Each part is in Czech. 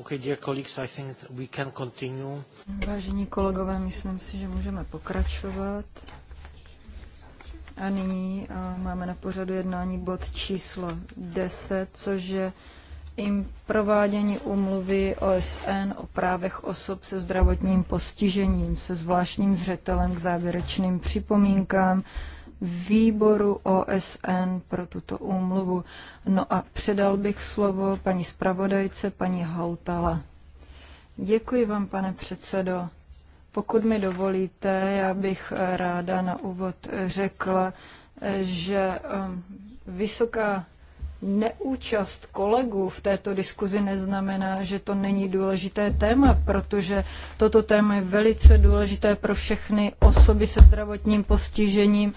Okay, dear colleagues, I think we can continue. Vážení kolegové, myslím si, že můžeme pokračovat. A nyní eh, máme na pořadu jednání bod číslo 10, což je provádění umluvy OSN o právech osob se zdravotním postižením se zvláštním zřetelem k závěrečným připomínkám výboru OSN pro tuto úmluvu. No a předal bych slovo paní zpravodajce, paní Hautala. Děkuji vám, pane předsedo. Pokud mi dovolíte, já bych ráda na úvod řekla, že um, vysoká neúčast kolegů v této diskuzi neznamená, že to není důležité téma, protože toto téma je velice důležité pro všechny osoby se zdravotním postižením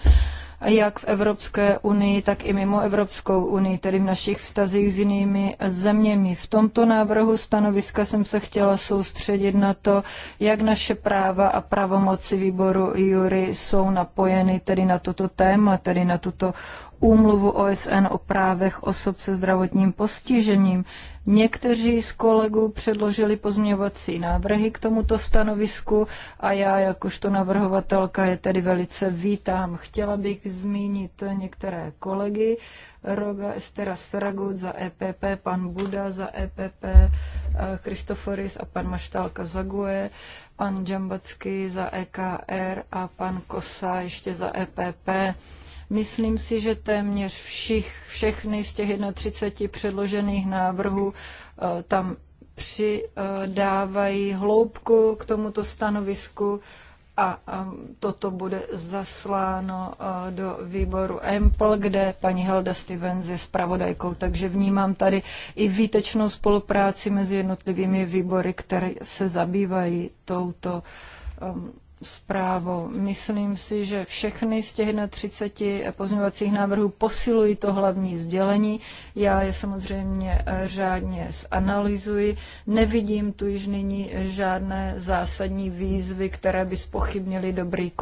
jak v Evropské unii, tak i mimo Evropskou unii, tedy v našich vztazích s jinými zeměmi. V tomto návrhu stanoviska jsem se chtěla soustředit na to, jak naše práva a pravomoci výboru Jury jsou napojeny tedy na toto téma, tedy na tuto úmluvu OSN o právech osob se zdravotním postižením. Někteří z kolegů předložili pozměňovací návrhy k tomuto stanovisku a já jakožto navrhovatelka je tedy velice vítám. Chtěla bych zmínit některé kolegy. Roga Estera Sferagut za EPP, pan Buda za EPP, Kristoforis a pan Maštálka za GUE, pan Džambacky za EKR a pan Kosa ještě za EPP. Myslím si, že téměř všich, všechny z těch 31 předložených návrhů eh, tam přidávají hloubku k tomuto stanovisku a toto bude zasláno eh, do výboru EMPL, kde paní Helda Stevens je zpravodajkou. Takže vnímám tady i výtečnou spolupráci mezi jednotlivými výbory, které se zabývají touto ehm, zprávu. Myslím si, že všechny z těch 31 pozměňovacích návrhů posilují to hlavní sdělení. Já je samozřejmě řádně zanalizuji. Nevidím tu již nyní žádné zásadní výzvy, které by spochybnily dobrý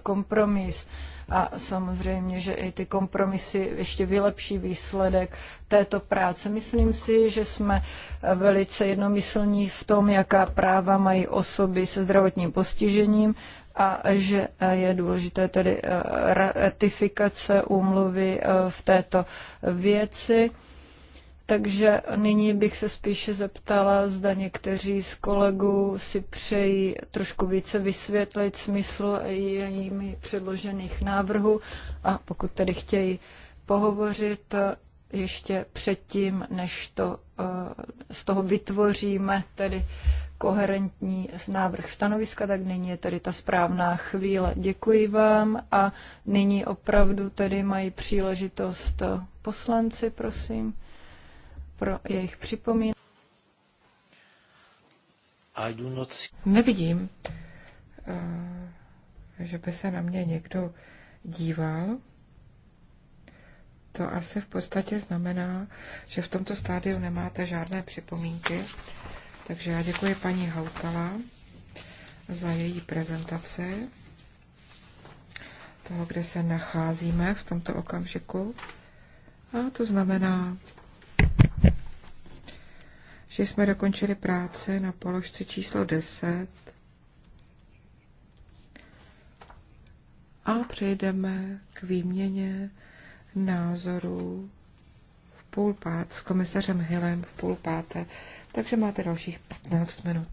kompromis a samozřejmě, že i ty kompromisy ještě vylepší výsledek této práce. Myslím si, že jsme velice jednomyslní v tom, jaká práva mají osoby se zdravotním postižením a že je důležité tedy eh, ratifikace úmluvy eh, v této věci. Takže nyní bych se spíše zeptala, zda někteří z kolegů si přejí trošku více vysvětlit smysl jejími předložených návrhů a pokud tedy chtějí pohovořit eh, ještě předtím, než to, eh, z toho vytvoříme tedy koherentní návrh stanoviska, tak nyní je tedy ta správná chvíle. Děkuji vám a nyní opravdu tedy mají příležitost eh, poslanci, prosím pro jejich připomínání. Nevidím, eh, že by se na mě někdo díval. To asi v podstatě znamená, že v tomto stádiu nemáte žádné připomínky. Takže já děkuji paní Hautala za její prezentaci toho, kde se nacházíme v tomto okamžiku. A to znamená, že jsme dokončili práci na položce číslo 10 a přejdeme k výměně názorů v půl pát s komisařem Hillem v půl páté, takže máte dalších 15 minut.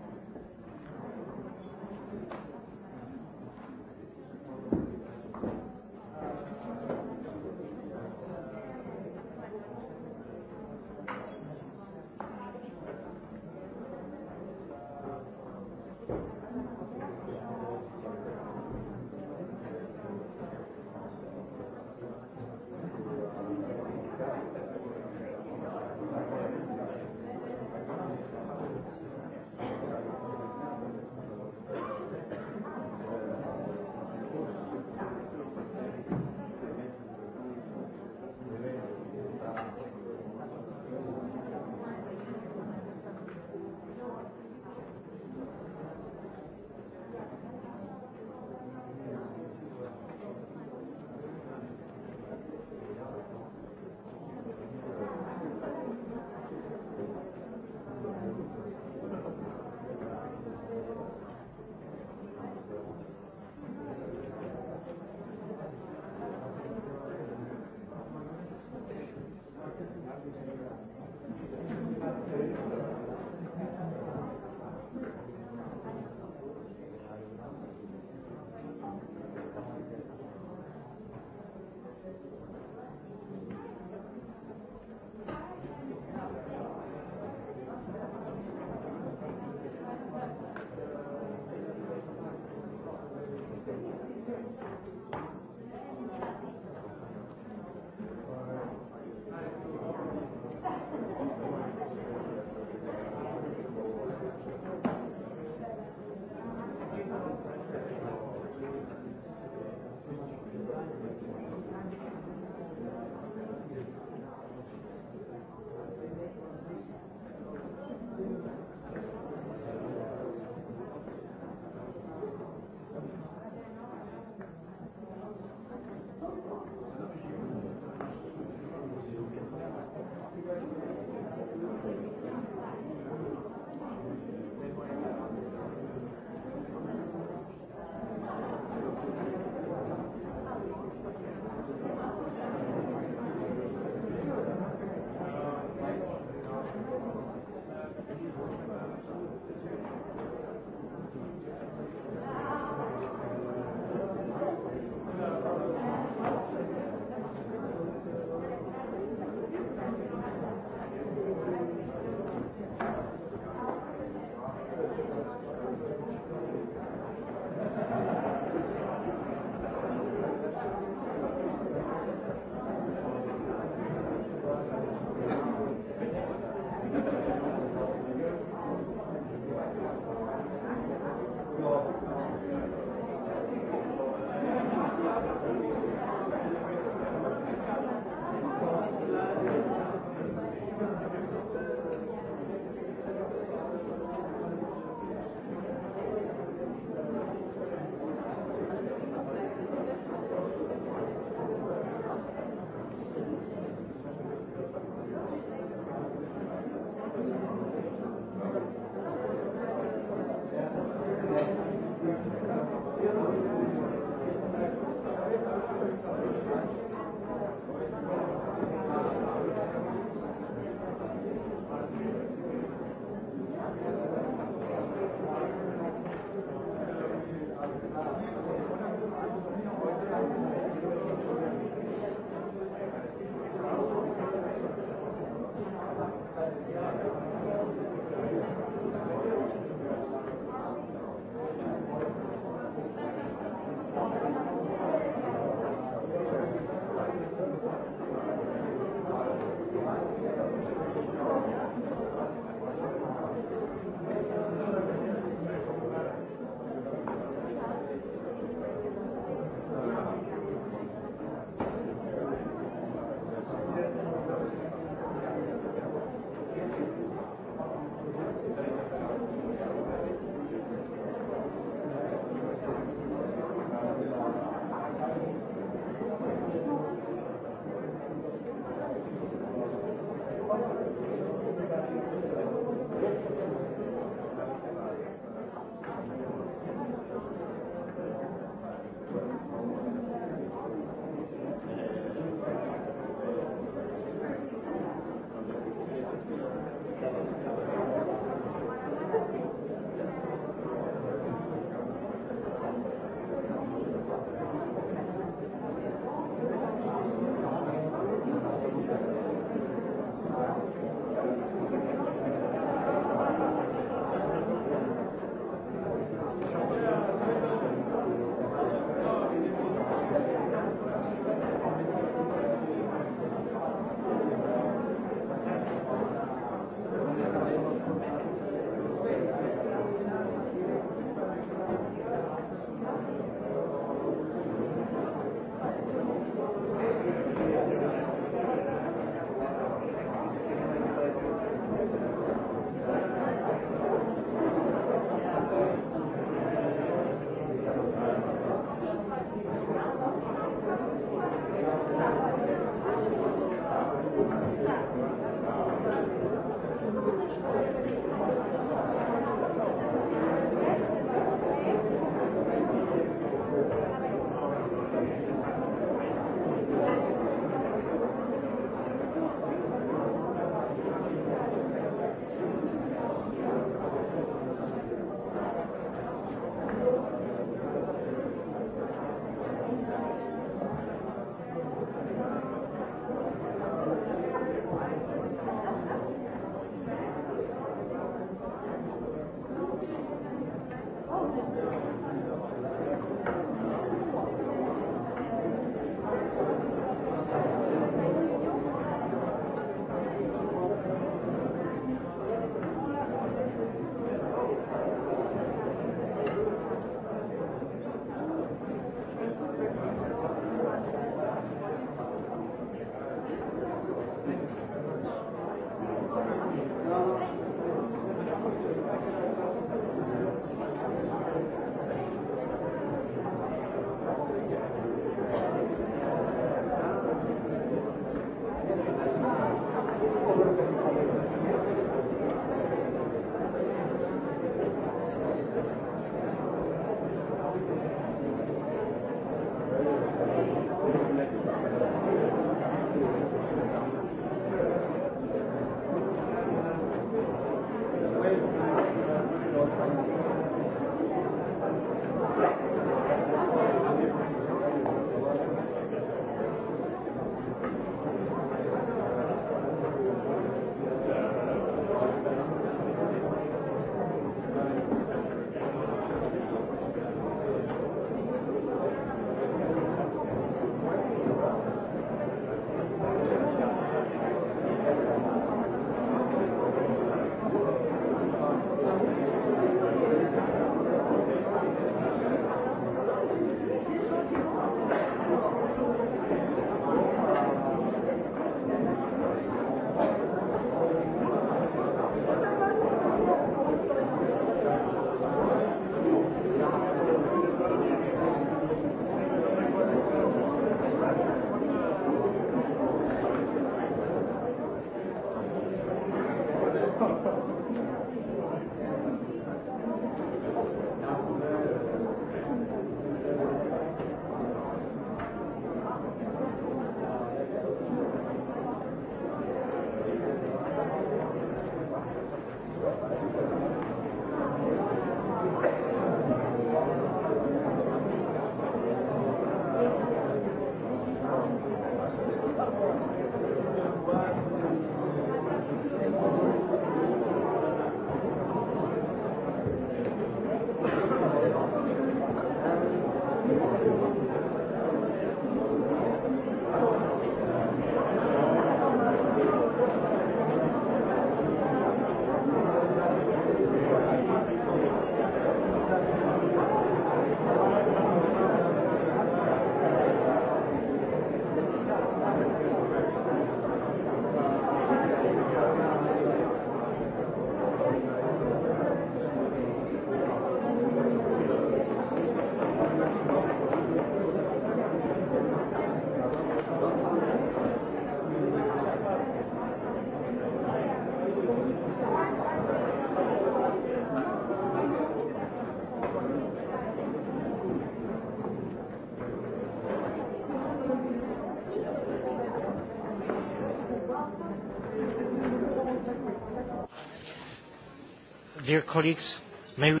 Dear colleagues, may we...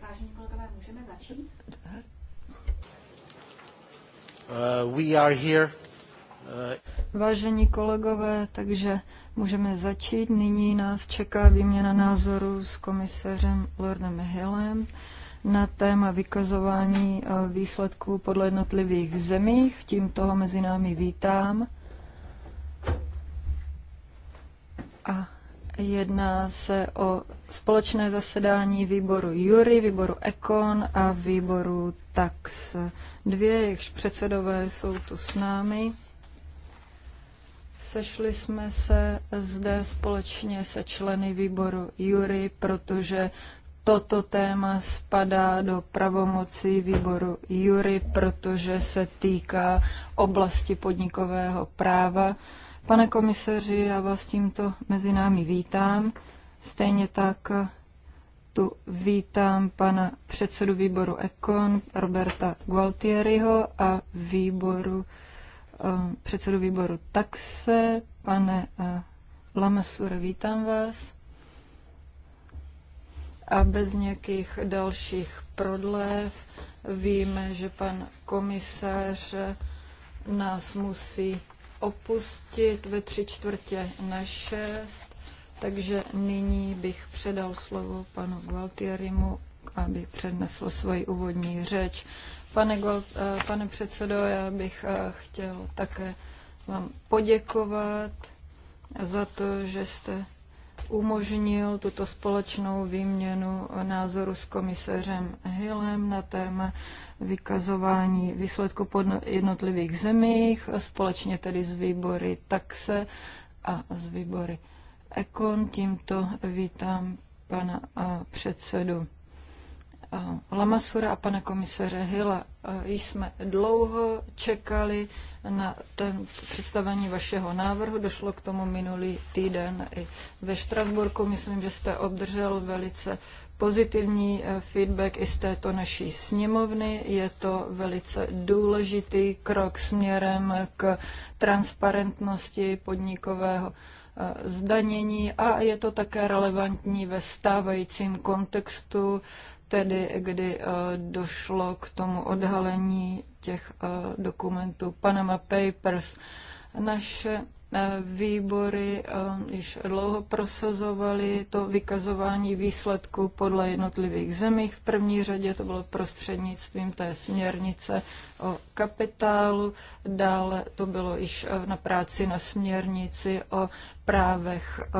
Vážení kolegové, začít? Uh, we are here. Uh... Vážení kolegové, takže můžeme začít. Nyní nás čeká výměna názoru s komisařem Lordem Hillem na téma vykazování uh, výsledků podle jednotlivých zemích. Tím toho mezi námi vítám Jedná se o společné zasedání výboru Jury, výboru Ekon a výboru Tax. Dvě, jejichž předsedové jsou tu s námi. Sešli jsme se zde společně se členy výboru Jury, protože toto téma spadá do pravomocí výboru Jury, protože se týká oblasti podnikového práva Pane komisaři, já vás tímto mezi námi vítám. Stejně tak tu vítám pana předsedu výboru Ekon Roberta Gualtieriho a výboru, eh, předsedu výboru Taxe, pane eh, Lamasure, vítám vás. A bez nějakých dalších prodlev víme, že pan komisař nás musí opustit ve tři čtvrtě na šest, takže nyní bych předal slovo panu Gualtierimu, aby přednesl svoji úvodní řeč. Pane, eh, pane předsedo, já bych eh, chtěl také vám poděkovat za to, že jste umožnil tuto společnou výměnu názoru s komisařem Hillem na téma vykazování výsledku pod jednotlivých zemích, společně tedy z výbory taxe a z výbory ekon. Tímto vítám pana předsedu Lamasura a pana komisaře Hilla. Jsme dlouho čekali na ten představení vašeho návrhu. Došlo k tomu minulý týden i ve Štrasburku. Myslím, že jste obdržel velice pozitivní eh, feedback i z této naší sněmovny. Je to velice důležitý krok směrem k transparentnosti podnikového eh, zdanění a je to také relevantní ve stávajícím kontextu tedy kdy eh, došlo k tomu odhalení těch eh, dokumentů Panama Papers. Naše eh, výbory již dlouho prosazovaly to vykazování výsledků podle jednotlivých zemích. V první řadě to bylo prostřednictvím té směrnice o kapitálu, dále to bylo již na práci na směrnici o právech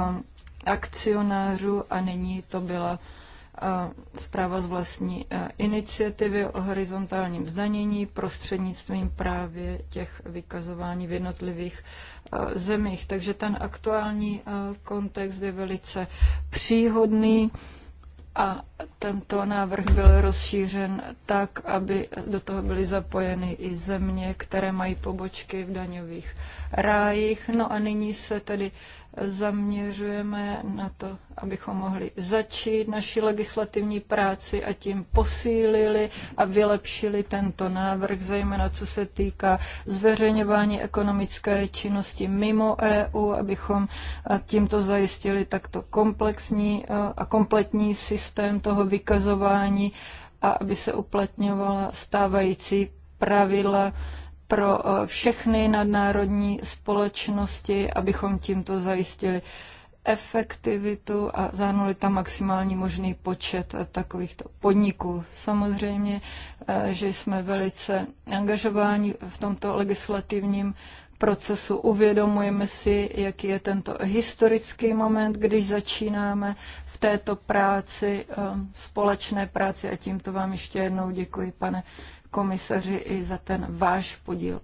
akcionářů a nyní to byla zpráva z vlastní e, iniciativy o horizontálním zdanění prostřednictvím právě těch vykazování v jednotlivých e, zemích. Takže ten aktuální e, kontext je velice příhodný a tento návrh byl rozšířen tak, aby do toho byly zapojeny i země, které mají pobočky v daňových rájích. No a nyní se tedy zaměřujeme na to, abychom mohli začít naši legislativní práci a tím posílili a vylepšili tento návrh, zejména co se týká zveřejňování ekonomické činnosti mimo EU, abychom tímto zajistili takto komplexní e, a kompletní systém toho vykazování a aby se uplatňovala stávající pravidla pro eh, všechny nadnárodní společnosti, abychom tímto zajistili efektivitu a zahrnuli tam maximální možný počet eh, takovýchto podniků. Samozřejmě, eh, že jsme velice angažováni v tomto legislativním procesu. Uvědomujeme si, jaký je tento historický moment, když začínáme v této práci, společné práci a tímto vám ještě jednou děkuji, pane komisaři i za ten váš podíl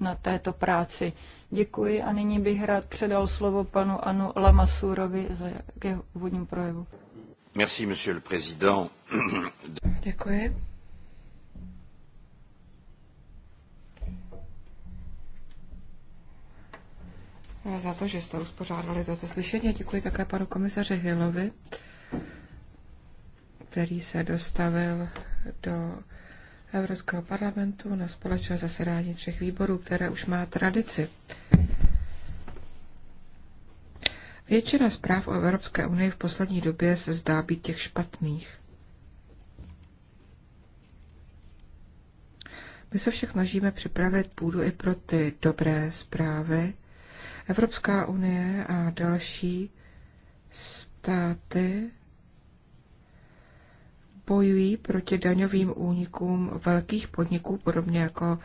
na této práci. Děkuji a nyní bych rád předal slovo panu Anu Lamasurovi za jeho úvodním projevu. Merci, monsieur le président. Děkuji. za to, že jste uspořádali toto slyšení. Děkuji také panu komisaři Hillovi, který se dostavil do Evropského parlamentu na společné zasedání třech výborů, které už má tradici. Většina zpráv o Evropské unii v poslední době se zdá být těch špatných. My se však snažíme připravit půdu i pro ty dobré zprávy. Evropská unie a další státy bojují proti daňovým únikům velkých podniků, podobně jako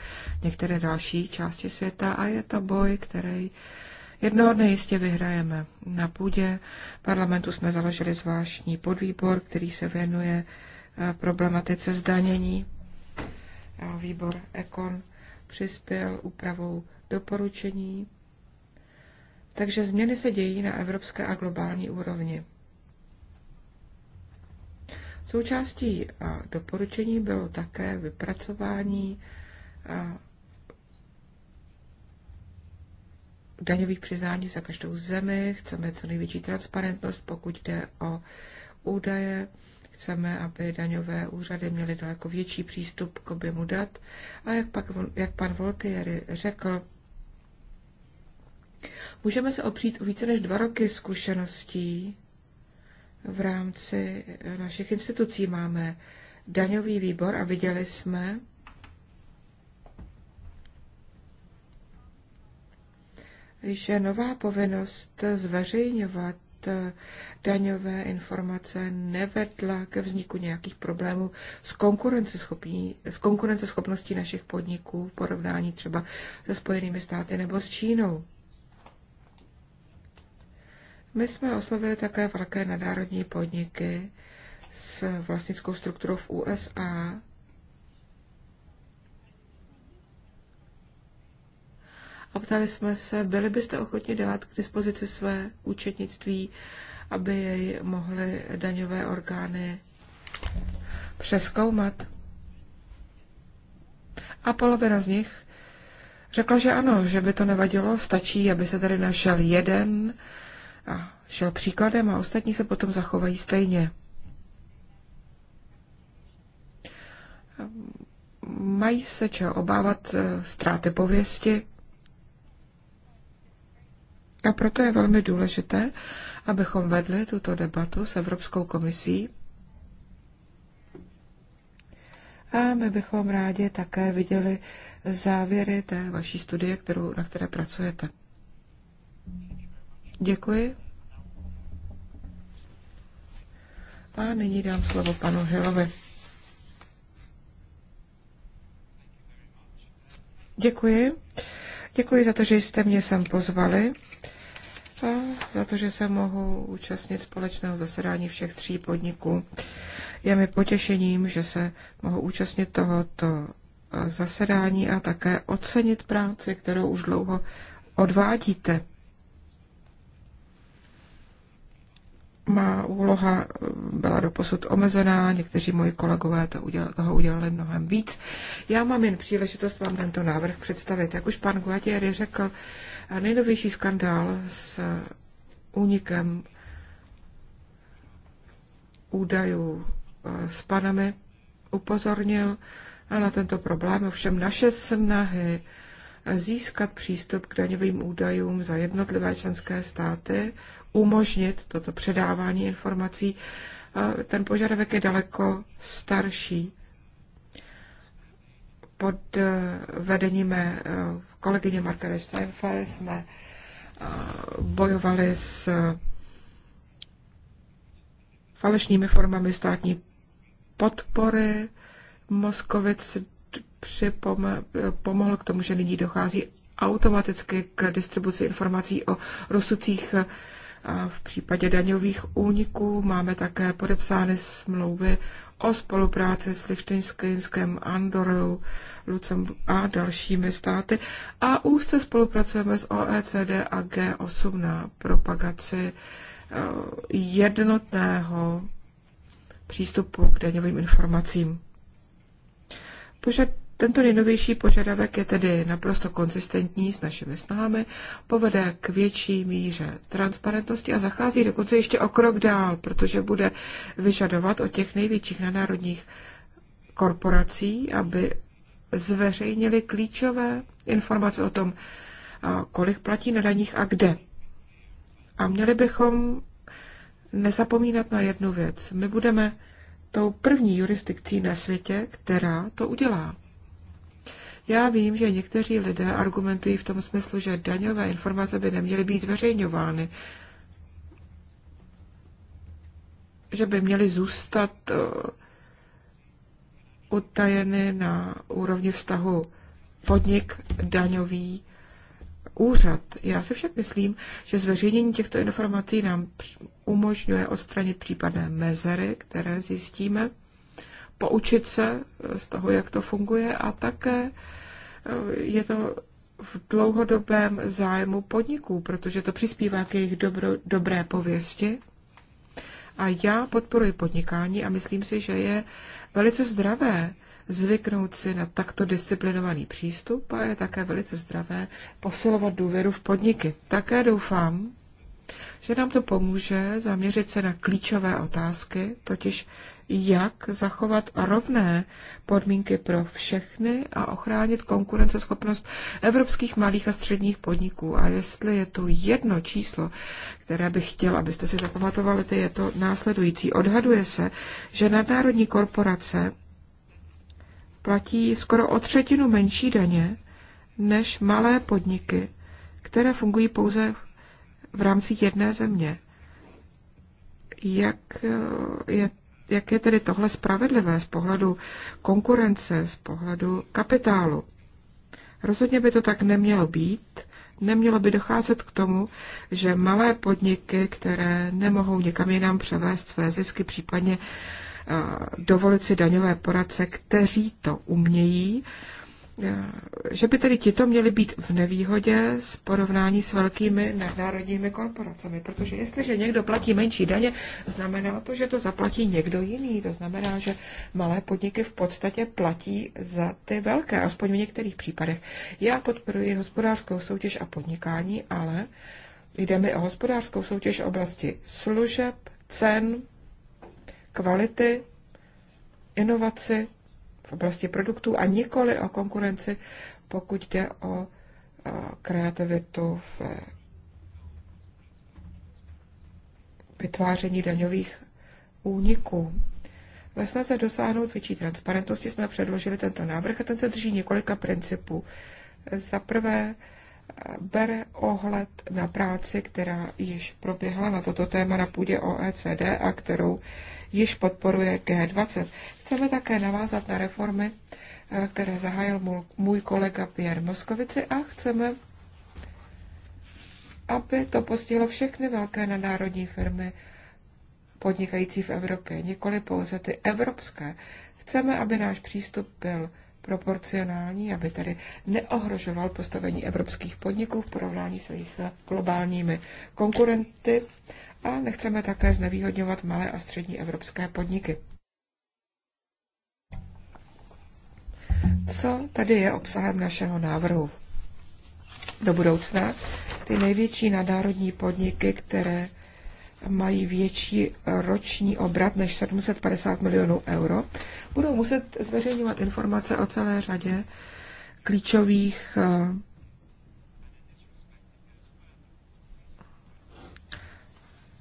některé další části světa a je to boj, který jednoho dne jistě vyhrajeme. Na půdě parlamentu jsme založili zvláštní podvýbor, který se věnuje eh, problematice zdanění. Výbor Ekon přispěl úpravou doporučení. Takže změny se dějí na evropské a globální úrovni. Součástí doporučení bylo také vypracování daňových přiznání za každou zemi, chceme co největší transparentnost, pokud jde o údaje, chceme, aby daňové úřady měly daleko větší přístup k objemu dat a jak, pak, jak pan Voltieri řekl, můžeme se opřít o více než dva roky zkušeností v rámci eh, našich institucí. Máme daňový výbor a viděli jsme, že nová povinnost zveřejňovat eh, daňové informace nevedla ke vzniku nějakých problémů s, s konkurenceschopností našich podniků v porovnání třeba se Spojenými státy nebo s Čínou. My jsme oslovili také velké nadárodní podniky s vlastnickou strukturou v USA. A ptali jsme se, byli byste ochotni dát k dispozici své účetnictví, aby jej mohly daňové orgány přeskoumat. A polovina z nich řekla, že ano, že by to nevadilo, stačí, aby se tady našel jeden a šel příkladem a ostatní se potom zachovají stejně. Mají se čeho obávat eh, ztráty pověsti a proto je velmi důležité, abychom vedli tuto debatu s Evropskou komisí a my bychom rádi také viděli závěry té vaší studie, kterou, na které pracujete. Děkuji. A nyní dám slovo panu Hilovi. Děkuji. Děkuji za to, že jste mě sem pozvali a za to, že se mohu účastnit společného zasedání všech tří podniků. Je mi potěšením, že se mohu účastnit tohoto eh, zasedání a také ocenit práci, kterou už dlouho odvádíte. Má úloha eh, byla doposud omezená, někteří moji kolegové to uděla, toho udělali mnohem víc. Já mám jen příležitost vám tento návrh představit. Jak už pan Guatieri řekl, eh, nejnovější skandál s únikem údajů eh, s panami upozornil na tento problém. Ovšem naše snahy získat přístup k daňovým údajům za jednotlivé členské státy umožnit toto předávání informací. Ten požadavek je daleko starší. Pod eh, vedením mé eh, kolegyně Margaret Steinfeld jsme eh, bojovali s falešnými formami státní podpory. Moskovic pomohl k tomu, že nyní dochází automaticky k distribuci informací o rozsudcích a v případě daňových úniků máme také podepsány smlouvy o spolupráci s Lichtensteinskem, Andorou, Lucem a dalšími státy a úzce spolupracujeme s OECD a G8 na propagaci eh, jednotného přístupu k daňovým informacím. Požad, tento nejnovější požadavek je tedy naprosto konzistentní s našimi snahami, povede k větší míře transparentnosti a zachází dokonce ještě o krok dál, protože bude vyžadovat od těch největších nadnárodních korporací, aby zveřejnili klíčové informace o tom, kolik platí na daních a kde. A měli bychom nezapomínat na jednu věc. My budeme tou první jurisdikcí na světě, která to udělá. Já vím, že někteří lidé argumentují v tom smyslu, že daňové informace by neměly být zveřejňovány, že by měly zůstat eh, utajeny na úrovni vztahu podnik daňový úřad. Já si však myslím, že zveřejnění těchto informací nám umožňuje odstranit případné mezery, které zjistíme poučit se z toho, jak to funguje a také eh, je to v dlouhodobém zájmu podniků, protože to přispívá k jejich dobro, dobré pověsti. A já podporuji podnikání a myslím si, že je velice zdravé zvyknout si na takto disciplinovaný přístup a je také velice zdravé posilovat důvěru v podniky. Také doufám, že nám to pomůže zaměřit se na klíčové otázky, totiž jak zachovat rovné podmínky pro všechny a ochránit konkurenceschopnost evropských malých a středních podniků. A jestli je tu jedno číslo, které bych chtěl, abyste si zapamatovali, to je to následující. Odhaduje se, že nadnárodní korporace platí skoro o třetinu menší daně než malé podniky, které fungují pouze v rámci jedné země. Jak eh, je jak je tedy tohle spravedlivé z pohledu konkurence, z pohledu kapitálu. Rozhodně by to tak nemělo být. Nemělo by docházet k tomu, že malé podniky, které nemohou někam jinam převést své zisky, případně eh, dovolit si daňové poradce, kteří to umějí, Eh, že by tedy tito měli být v nevýhodě s porovnání s velkými nadnárodními korporacemi, protože jestliže někdo platí menší daně, znamená to, že to zaplatí někdo jiný. To znamená, že malé podniky v podstatě platí za ty velké, aspoň v některých případech. Já podporuji hospodářskou soutěž a podnikání, ale jde mi o hospodářskou soutěž v oblasti služeb, cen, kvality, inovaci, v oblasti produktů a nikoli o konkurenci, pokud jde o eh, kreativitu v vytváření daňových úniků. Ve snaze dosáhnout větší transparentnosti jsme předložili tento návrh a ten se drží několika principů. Za prvé, eh, bere ohled na práci, která již proběhla na toto téma na půdě OECD a kterou již podporuje G20. Chceme také navázat na reformy, eh, které zahájil můj kolega Pierre Moskovici a chceme, aby to postihlo všechny velké nadnárodní firmy podnikající v Evropě, nikoli pouze ty evropské. Chceme, aby náš přístup byl proporcionální, aby tedy neohrožoval postavení evropských podniků v porovnání s jejich globálními konkurenty a nechceme také znevýhodňovat malé a střední evropské podniky. Co tady je obsahem našeho návrhu? Do budoucna ty největší nadárodní podniky, které mají větší roční obrat než 750 milionů euro, budou muset zveřejňovat informace o celé řadě klíčových eh,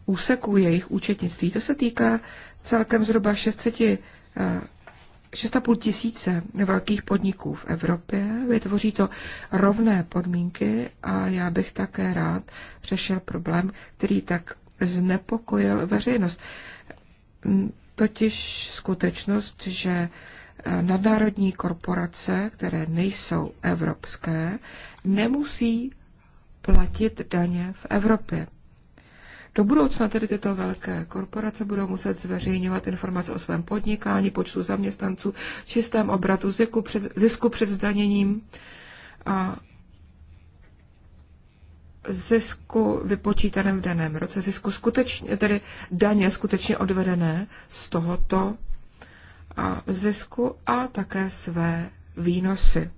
úseků jejich účetnictví. To se týká celkem zhruba 600, 6,5 eh, tisíce velkých podniků v Evropě. Vytvoří to rovné podmínky a já bych také rád řešil problém, který tak znepokojil veřejnost. Hm, totiž skutečnost, že eh, nadnárodní korporace, které nejsou evropské, nemusí platit daně v Evropě. Do budoucna tedy tyto velké korporace budou muset zveřejňovat informace o svém podnikání, počtu zaměstnanců, čistém obratu, zisku před, zisku před zdaněním a zisku vypočítaném v daném roce, zisku skutečně, tedy daně skutečně odvedené z tohoto a zisku a také své výnosy.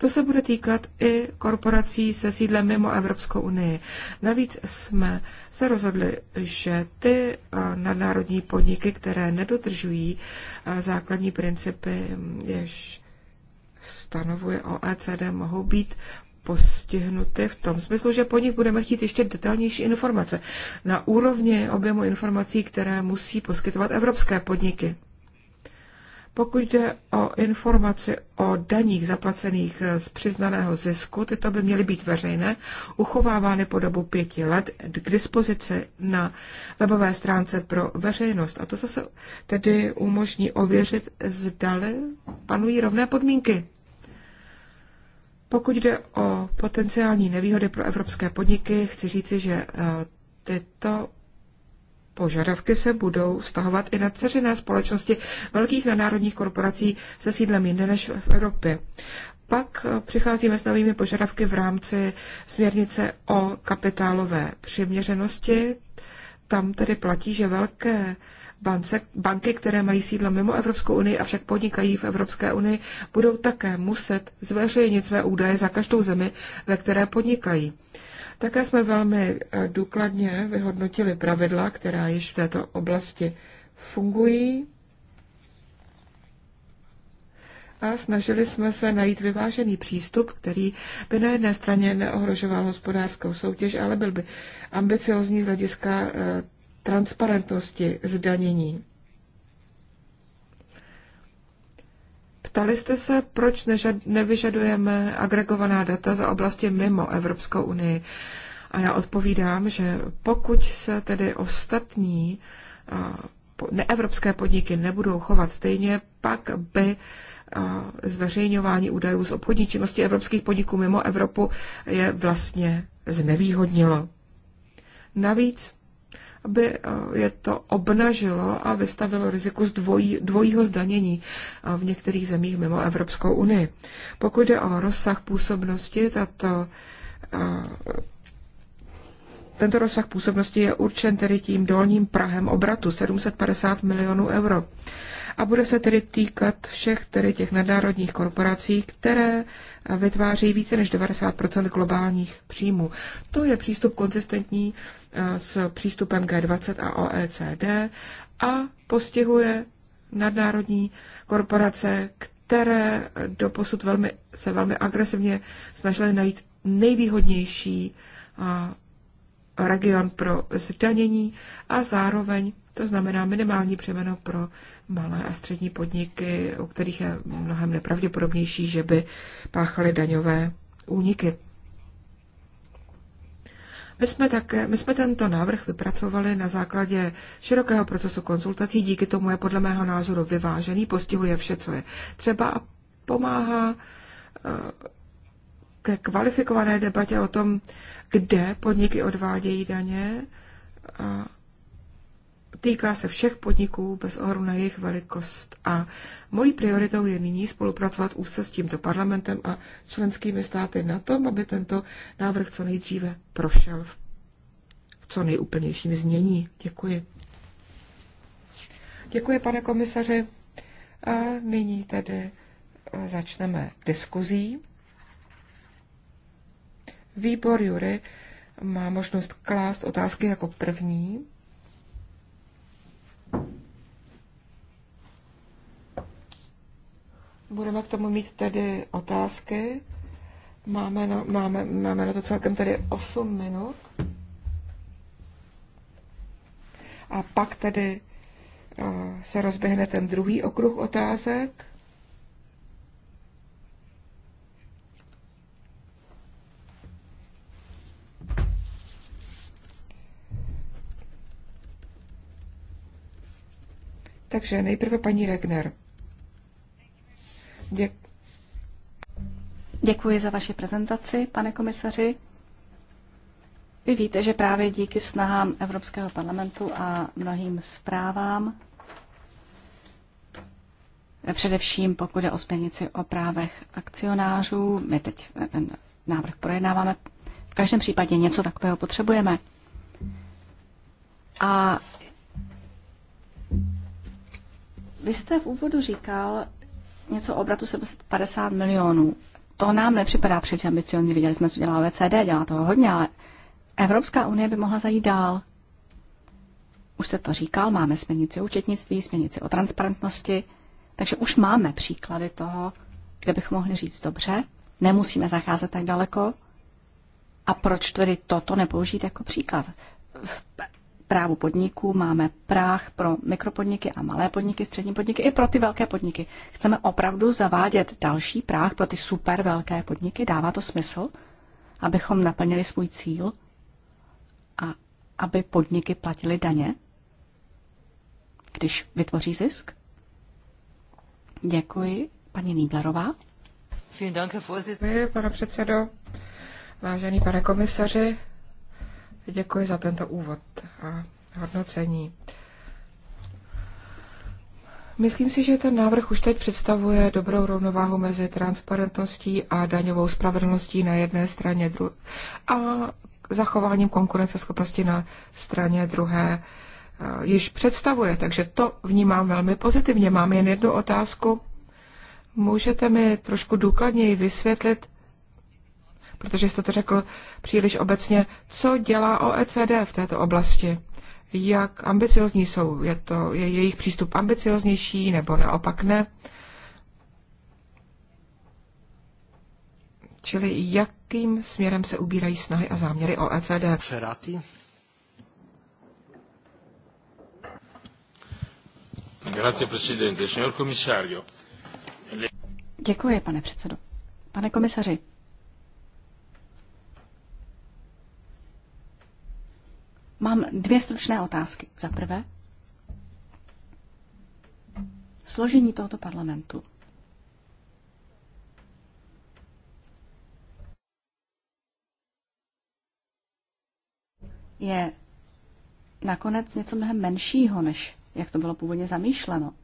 To se bude týkat i korporací se sídlem mimo Evropskou unii. Navíc jsme se rozhodli, že ty nadnárodní podniky, které nedodržují základní principy, jež stanovuje OECD, mohou být postihnuty v tom smyslu, že po nich budeme chtít ještě detailnější informace na úrovni objemu informací, které musí poskytovat evropské podniky. Pokud jde o informaci o daních zaplacených eh, z přiznaného zisku, tyto by měly být veřejné, uchovávány po dobu pěti let k dispozici na webové stránce pro veřejnost. A to zase tedy umožní ověřit, zdali panují rovné podmínky. Pokud jde o potenciální nevýhody pro evropské podniky, chci říci, že eh, tyto požadavky se budou vztahovat i na ceřiné společnosti velkých nadnárodních korporací se sídlem jinde než v Evropě. Pak eh, přicházíme s novými požadavky v rámci směrnice o kapitálové přiměřenosti. Tam tedy platí, že velké bance, banky, které mají sídlo mimo Evropskou unii, avšak podnikají v Evropské unii, budou také muset zveřejnit své údaje za každou zemi, ve které podnikají. Také jsme velmi eh, důkladně vyhodnotili pravidla, která již v této oblasti fungují a snažili jsme se najít vyvážený přístup, který by na jedné straně neohrožoval hospodářskou soutěž, ale byl by ambiciozní z hlediska eh, transparentnosti zdanění. Ptali jste se, proč nevyžadujeme agregovaná data za oblasti mimo Evropskou unii. A já odpovídám, že pokud se tedy ostatní neevropské podniky nebudou chovat stejně, pak by zveřejňování údajů z obchodní činnosti evropských podniků mimo Evropu je vlastně znevýhodnilo. Navíc aby eh, je to obnažilo a vystavilo riziku z dvojí, dvojího zdanění eh, v některých zemích mimo Evropskou unii. Pokud jde o rozsah působnosti, tato eh, tento rozsah působnosti je určen tedy tím dolním prahem obratu 750 milionů euro a bude se tedy týkat všech tedy těch nadnárodních korporací, které vytváří více než 90 globálních příjmů. To je přístup konzistentní s přístupem G20 a OECD a postihuje nadnárodní korporace, které doposud velmi, se velmi agresivně snažily najít nejvýhodnější region pro zdanění a zároveň to znamená minimální přeměnu pro malé a střední podniky, u kterých je mnohem nepravděpodobnější, že by páchaly daňové úniky. My jsme, také, my jsme tento návrh vypracovali na základě širokého procesu konzultací, díky tomu je podle mého názoru vyvážený, postihuje vše, co je třeba a pomáhá eh, ke kvalifikované debatě o tom, kde podniky odvádějí daně. A Týká se všech podniků bez ohledu na jejich velikost a mojí prioritou je nyní spolupracovat úzce s tímto parlamentem a členskými státy na tom, aby tento návrh co nejdříve prošel v co nejúplnějším znění. Děkuji. Děkuji, pane komisaři. A nyní tedy e, začneme diskuzí. Výbor Jury má možnost klást otázky jako první. Budeme k tomu mít tedy otázky. Máme na, máme, máme na to celkem tedy 8 minut. A pak tedy se rozběhne ten druhý okruh otázek. Takže nejprve paní Regner. Děkuji. Děkuji za vaši prezentaci, pane komisaři. Vy víte, že právě díky snahám Evropského parlamentu a mnohým zprávám, především pokud je o směrnici o právech akcionářů, my teď ten návrh projednáváme, v každém případě něco takového potřebujeme. A vy jste v úvodu říkal, něco obratu 750 milionů. To nám nepřipadá příliš ambiciozní. Viděli jsme, co dělá OECD, dělá toho hodně, ale Evropská unie by mohla zajít dál. Už se to říkal, máme směrnici o účetnictví, směrnici o transparentnosti, takže už máme příklady toho, kde bych mohli říct dobře, nemusíme zacházet tak daleko. A proč tedy toto nepoužít jako příklad? právu podniků, máme práh pro mikropodniky a malé podniky, střední podniky i pro ty velké podniky. Chceme opravdu zavádět další práh pro ty super velké podniky? Dává to smysl, abychom naplnili svůj cíl a aby podniky platily daně, když vytvoří zisk? Děkuji, paní Nýblerová. Děkuji, pane předsedo. Vážený pane komisaři, Děkuji za tento úvod a hodnocení. Myslím si, že ten návrh už teď představuje dobrou rovnováhu mezi transparentností a daňovou spravedlností na jedné straně dru- a zachováním konkurenceschopnosti na straně druhé eh, již představuje. Takže to vnímám velmi pozitivně. Mám jen jednu otázku. Můžete mi trošku důkladněji vysvětlit, protože jste to řekl příliš obecně, co dělá OECD v této oblasti? Jak ambiciozní jsou? Je, to, je jejich přístup ambicioznější nebo naopak ne? Čili jakým směrem se ubírají snahy a záměry OECD? Ferrati. Grazie, presidente. Signor commissario. Děkuji, pane předsedo. Pane komisaři, Mám dvě stručné otázky. Za prvé, složení tohoto parlamentu. Je nakonec něco mnohem menšího, než jak to bylo původně zamýšleno.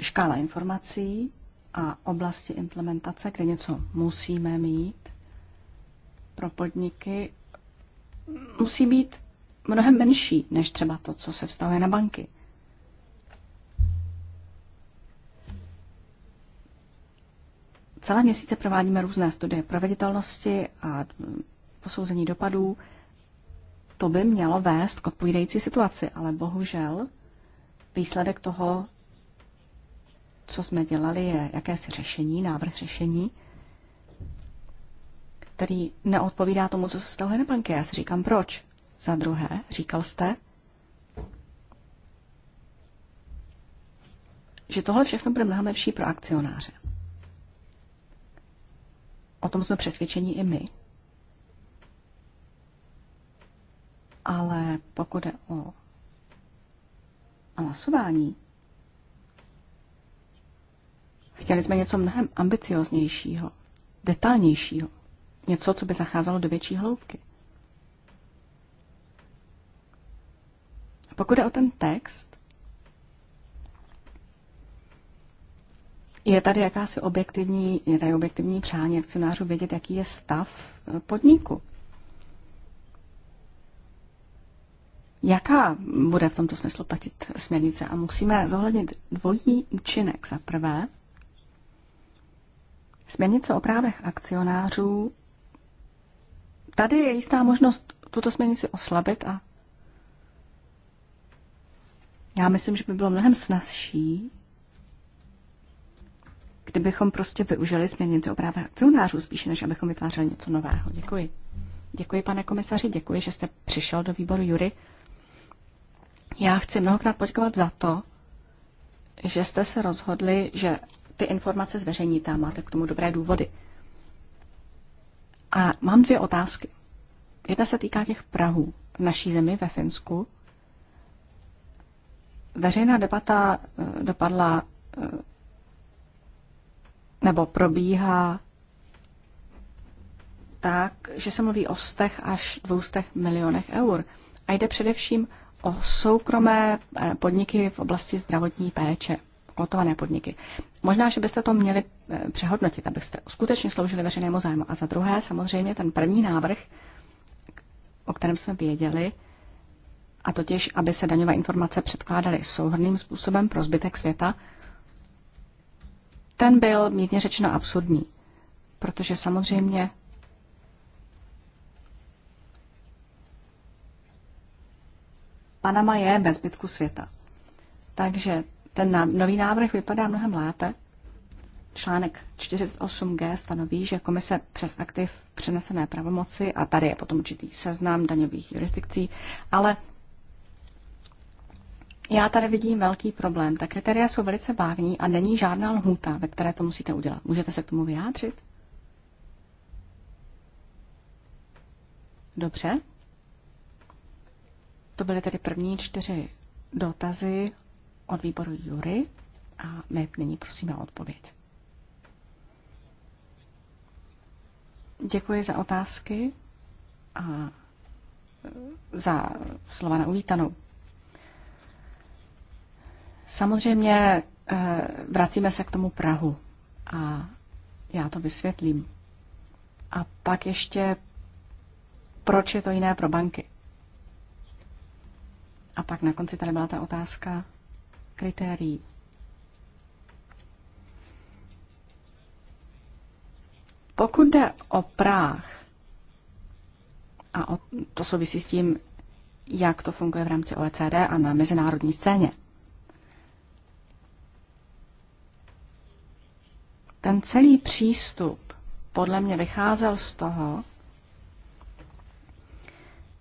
Škála informací a oblasti implementace, kde něco musíme mít pro podniky, musí být mnohem menší než třeba to, co se vztahuje na banky. Celé měsíce provádíme různé studie proveditelnosti a posouzení dopadů. To by mělo vést k odpovídající situaci, ale bohužel výsledek toho co jsme dělali, je jakési řešení, návrh řešení, který neodpovídá tomu, co se stalo, na banky. Já si říkám, proč? Za druhé, říkal jste, že tohle všechno bude mnohem lepší pro akcionáře. O tom jsme přesvědčeni i my. Ale pokud je o hlasování, Chtěli jsme něco mnohem ambicioznějšího, detailnějšího. Něco, co by zacházelo do větší hloubky. Pokud je o ten text, je tady jakási objektivní, je tady objektivní přání akcionářů vědět, jaký je stav eh, podniku. Jaká bude v tomto smyslu platit směrnice? A musíme zohlednit dvojí účinek. Za prvé, Směrnice o právech akcionářů, tady je jistá možnost tuto směrnici oslabit a já myslím, že by bylo mnohem snazší, kdybychom prostě využili směrnici o právech akcionářů spíše, než abychom vytvářeli něco nového. Děkuji. Děkuji, pane komisaři, děkuji, že jste přišel do výboru Jury. Já chci mnohokrát poděkovat za to, že jste se rozhodli, že ty informace zveřejníte a máte k tomu dobré důvody. A mám dvě otázky. Jedna se týká těch Prahů v naší zemi ve Finsku. Veřejná debata eh, dopadla eh, nebo probíhá tak, že se mluví o stech až dvoustech milionech eur. A jde především o soukromé eh, podniky v oblasti zdravotní péče kotované podniky. Možná, že byste to měli eh, přehodnotit, abyste skutečně sloužili veřejnému zájmu. A za druhé, samozřejmě ten první návrh, o kterém jsme věděli, a totiž, aby se daňové informace předkládaly souhrným způsobem pro zbytek světa, ten byl mírně řečeno absurdní, protože samozřejmě Panama je ve zbytku světa. Takže ten nový návrh vypadá mnohem lépe. Článek 48G stanoví, že komise přes aktiv přenesené pravomoci, a tady je potom určitý seznam daňových jurisdikcí, ale já tady vidím velký problém. Ta kritéria jsou velice vágní a není žádná lhůta, ve které to musíte udělat. Můžete se k tomu vyjádřit? Dobře. To byly tedy první čtyři dotazy od výboru Jury a my nyní prosíme o odpověď. Děkuji za otázky a za slova na uvítanou. Samozřejmě eh, vracíme se k tomu Prahu a já to vysvětlím. A pak ještě, proč je to jiné pro banky? A pak na konci tady byla ta otázka, kritérií. Pokud jde o práh, a o, to souvisí s tím, jak to funguje v rámci OECD a na mezinárodní scéně, ten celý přístup podle mě vycházel z toho,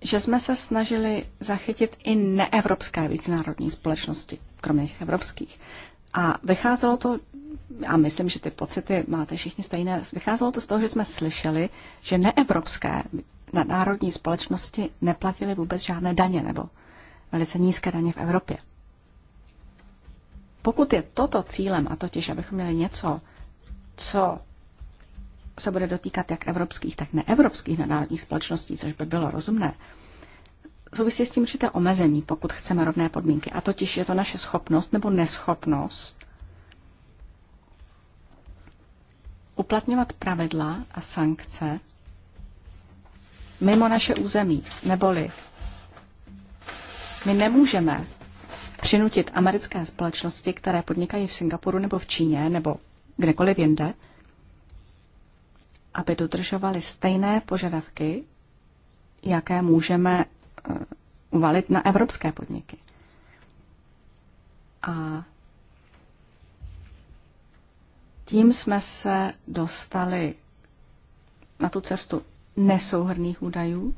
že jsme se snažili zachytit i neevropské vícinárodní společnosti kromě těch evropských. A vycházelo to, a myslím, že ty pocity máte všichni stejné, vycházelo to z toho, že jsme slyšeli, že neevropské národní společnosti neplatily vůbec žádné daně nebo velice nízké daně v Evropě. Pokud je toto cílem, a totiž, abychom měli něco, co se bude dotýkat jak evropských, tak neevropských nadnárodních společností, což by bylo rozumné, souvisí s tím určité omezení, pokud chceme rovné podmínky. A totiž je to naše schopnost nebo neschopnost uplatňovat pravidla a sankce mimo naše území, neboli my nemůžeme přinutit americké společnosti, které podnikají v Singapuru nebo v Číně nebo kdekoliv jinde, aby dodržovaly stejné požadavky, jaké můžeme Eh, uvalit na evropské podniky. A tím jsme se dostali na tu cestu nesouhrných údajů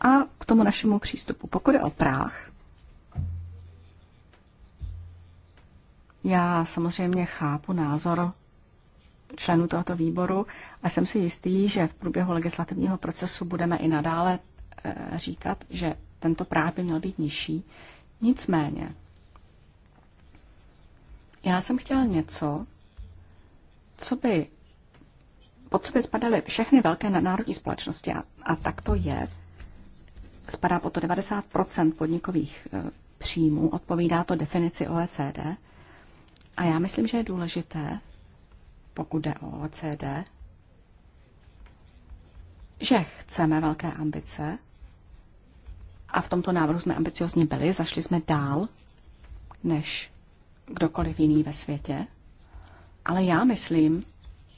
a k tomu našemu přístupu. Pokud je o práh, já samozřejmě chápu názor členů tohoto výboru a jsem si jistý, že v průběhu legislativního procesu budeme i nadále Eh, říkat, že tento práh by měl být nižší. Nicméně, já jsem chtěla něco, co by, pod co by spadaly všechny velké národní společnosti, a, a tak to je, spadá pod to 90 podnikových e, příjmů, odpovídá to definici OECD. A já myslím, že je důležité, pokud jde o OECD, že chceme velké ambice, a v tomto návrhu jsme ambiciozní byli, zašli jsme dál než kdokoliv jiný ve světě. Ale já myslím,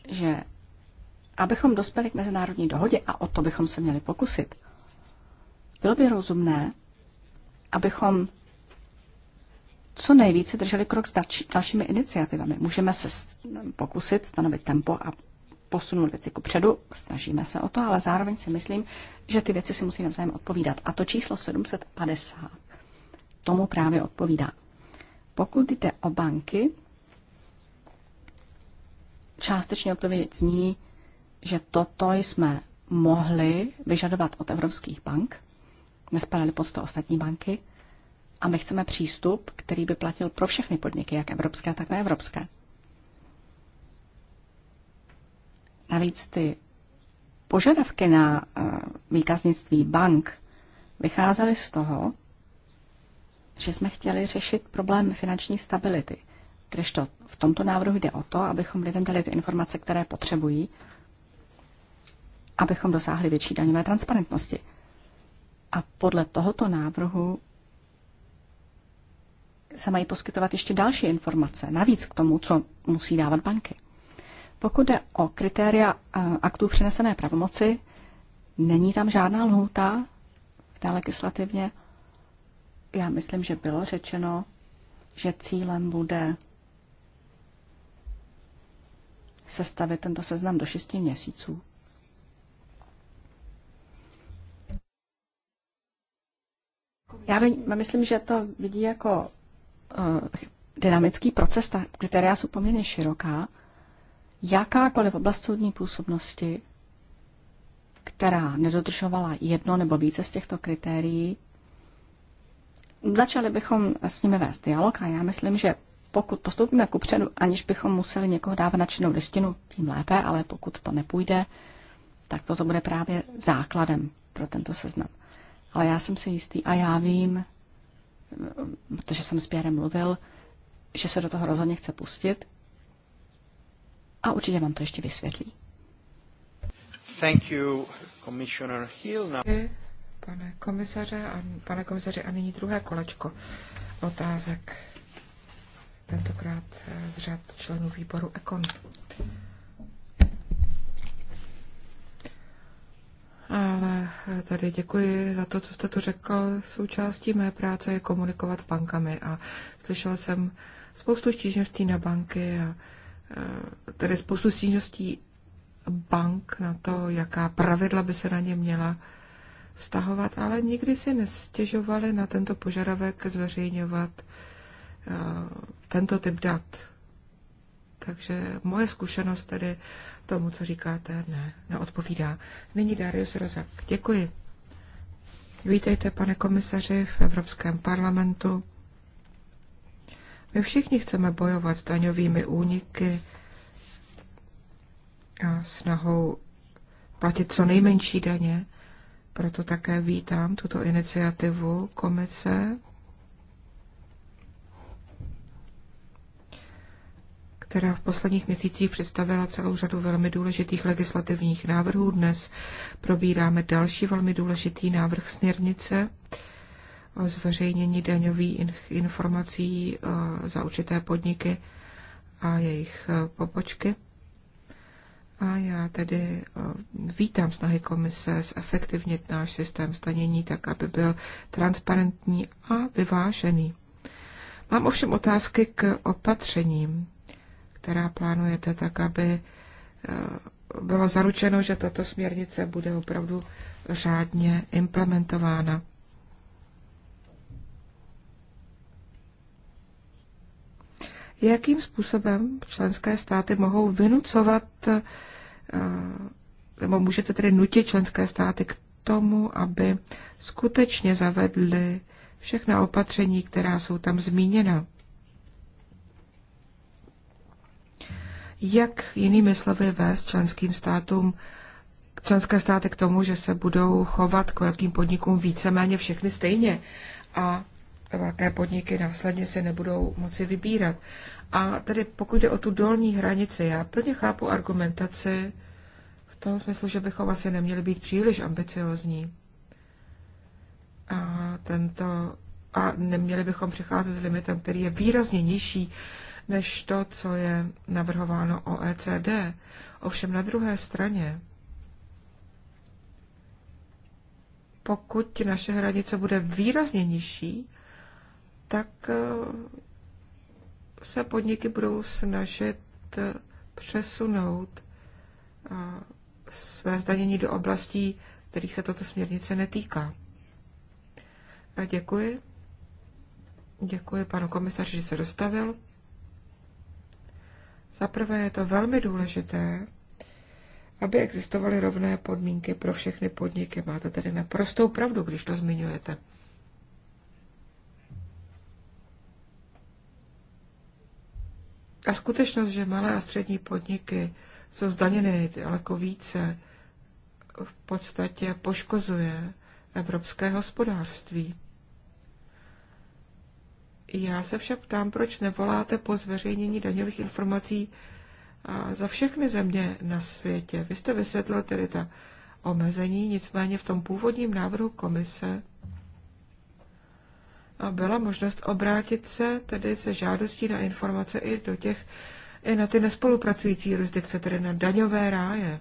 že abychom dospěli k mezinárodní dohodě, a o to bychom se měli pokusit, bylo by rozumné, abychom co nejvíce drželi krok s dalšími iniciativami. Můžeme se pokusit stanovit tempo a posunout věci ku předu, snažíme se o to, ale zároveň si myslím, že ty věci si musí navzájem odpovídat. A to číslo 750 tomu právě odpovídá. Pokud jde o banky, částečně odpověď zní, že toto jsme mohli vyžadovat od evropských bank, nespadaly pod to ostatní banky, a my chceme přístup, který by platil pro všechny podniky, jak evropské, tak neevropské. evropské. Navíc ty požadavky na eh, výkaznictví bank vycházely z toho, že jsme chtěli řešit problém finanční stability. Když to v tomto návrhu jde o to, abychom lidem dali ty informace, které potřebují, abychom dosáhli větší daňové transparentnosti. A podle tohoto návrhu se mají poskytovat ještě další informace, navíc k tomu, co musí dávat banky. Pokud jde o kritéria eh, aktů přenesené pravomoci, není tam žádná lhůta v té legislativně. Já myslím, že bylo řečeno, že cílem bude sestavit tento seznam do 6 měsíců. Já myslím, že to vidí jako uh, dynamický proces, ta kritéria jsou poměrně široká jakákoliv oblast soudní působnosti, která nedodržovala jedno nebo více z těchto kritérií, začali bychom s nimi vést dialog a já myslím, že pokud postoupíme ku předu, aniž bychom museli někoho dávat na činnou listinu, tím lépe, ale pokud to nepůjde, tak toto bude právě základem pro tento seznam. Ale já jsem si jistý a já vím, protože jsem s Pěrem mluvil, že se do toho rozhodně chce pustit a určitě vám to ještě vysvětlí. Thank you, Commissioner Hill. Now... Pane komisaře, a, pane komisaři, a nyní druhé kolečko otázek. Tentokrát eh, z řad členů výboru EKON. Ale eh, tady děkuji za to, co jste tu řekl. Součástí mé práce je komunikovat s bankami a slyšel jsem spoustu stížností na banky a Eh, tedy spoustu stížností bank na to, jaká pravidla by se na ně měla vztahovat, ale nikdy si nestěžovali na tento požadavek zveřejňovat eh, tento typ dat. Takže moje zkušenost tedy tomu, co říkáte, ne, neodpovídá. Nyní Darius Rozak. Děkuji. Vítejte, pane komisaři, v Evropském parlamentu. My všichni chceme bojovat s daňovými úniky a snahou platit co nejmenší daně. Proto také vítám tuto iniciativu komise, která v posledních měsících představila celou řadu velmi důležitých legislativních návrhů. Dnes probíráme další velmi důležitý návrh směrnice zveřejnění daňových informací eh, za určité podniky a jejich eh, popočky. A já tedy eh, vítám snahy komise zefektivnit náš systém stanění tak, aby byl transparentní a vyvážený. Mám ovšem otázky k opatřením, která plánujete tak, aby bylo zaručeno, že tato směrnice bude opravdu řádně implementována. jakým způsobem členské státy mohou vynucovat, eh, nebo můžete tedy nutit členské státy k tomu, aby skutečně zavedly všechna opatření, která jsou tam zmíněna. Jak jinými slovy vést členským státům členské státy k tomu, že se budou chovat k velkým podnikům víceméně všechny stejně a velké podniky následně si nebudou moci vybírat. A tedy pokud jde o tu dolní hranici, já plně chápu argumentaci v tom smyslu, že bychom asi neměli být příliš ambiciozní. A, tento, a neměli bychom přicházet s limitem, který je výrazně nižší než to, co je navrhováno OECD. Ovšem na druhé straně, pokud naše hranice bude výrazně nižší, tak eh, se podniky budou snažit eh, přesunout eh, své zdanění do oblastí, kterých se toto směrnice netýká. A děkuji. Děkuji panu komisaři, že se dostavil. Za prvé je to velmi důležité, aby existovaly rovné podmínky pro všechny podniky. Máte tedy naprostou pravdu, když to zmiňujete. A skutečnost, že malé a střední podniky jsou zdaněny daleko více, v podstatě poškozuje evropské hospodářství. Já se však ptám, proč nevoláte po zveřejnění daňových informací za všechny země na světě. Vy jste vysvětlil tedy ta omezení, nicméně v tom původním návrhu komise byla možnost obrátit se tedy se žádostí na informace i do těch, i na ty nespolupracující jurisdikce, tedy na daňové ráje.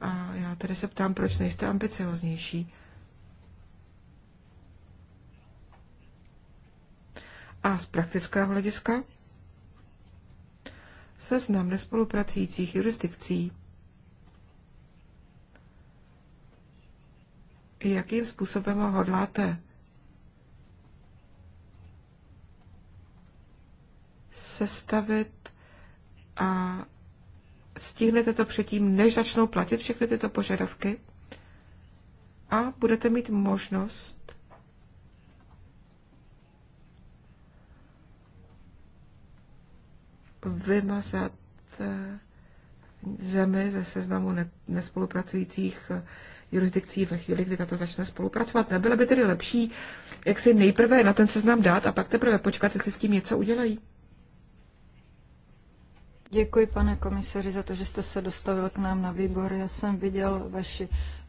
A já tedy se ptám, proč nejste ambicioznější? A z praktického hlediska? Seznam nespolupracujících jurisdikcí. Jakým způsobem ho hodláte sestavit a stihnete to předtím, než začnou platit všechny tyto požadavky a budete mít možnost vymazat eh, zemi ze seznamu nespolupracujících eh, jurisdikcí ve chvíli, kdy tato začne spolupracovat. Nebylo by tedy lepší, jak si nejprve na ten seznam dát a pak teprve počkat, jestli s tím něco udělají? Děkuji, pane komisaři, za to, že jste se dostavil k nám na výbor. Já jsem viděl vaši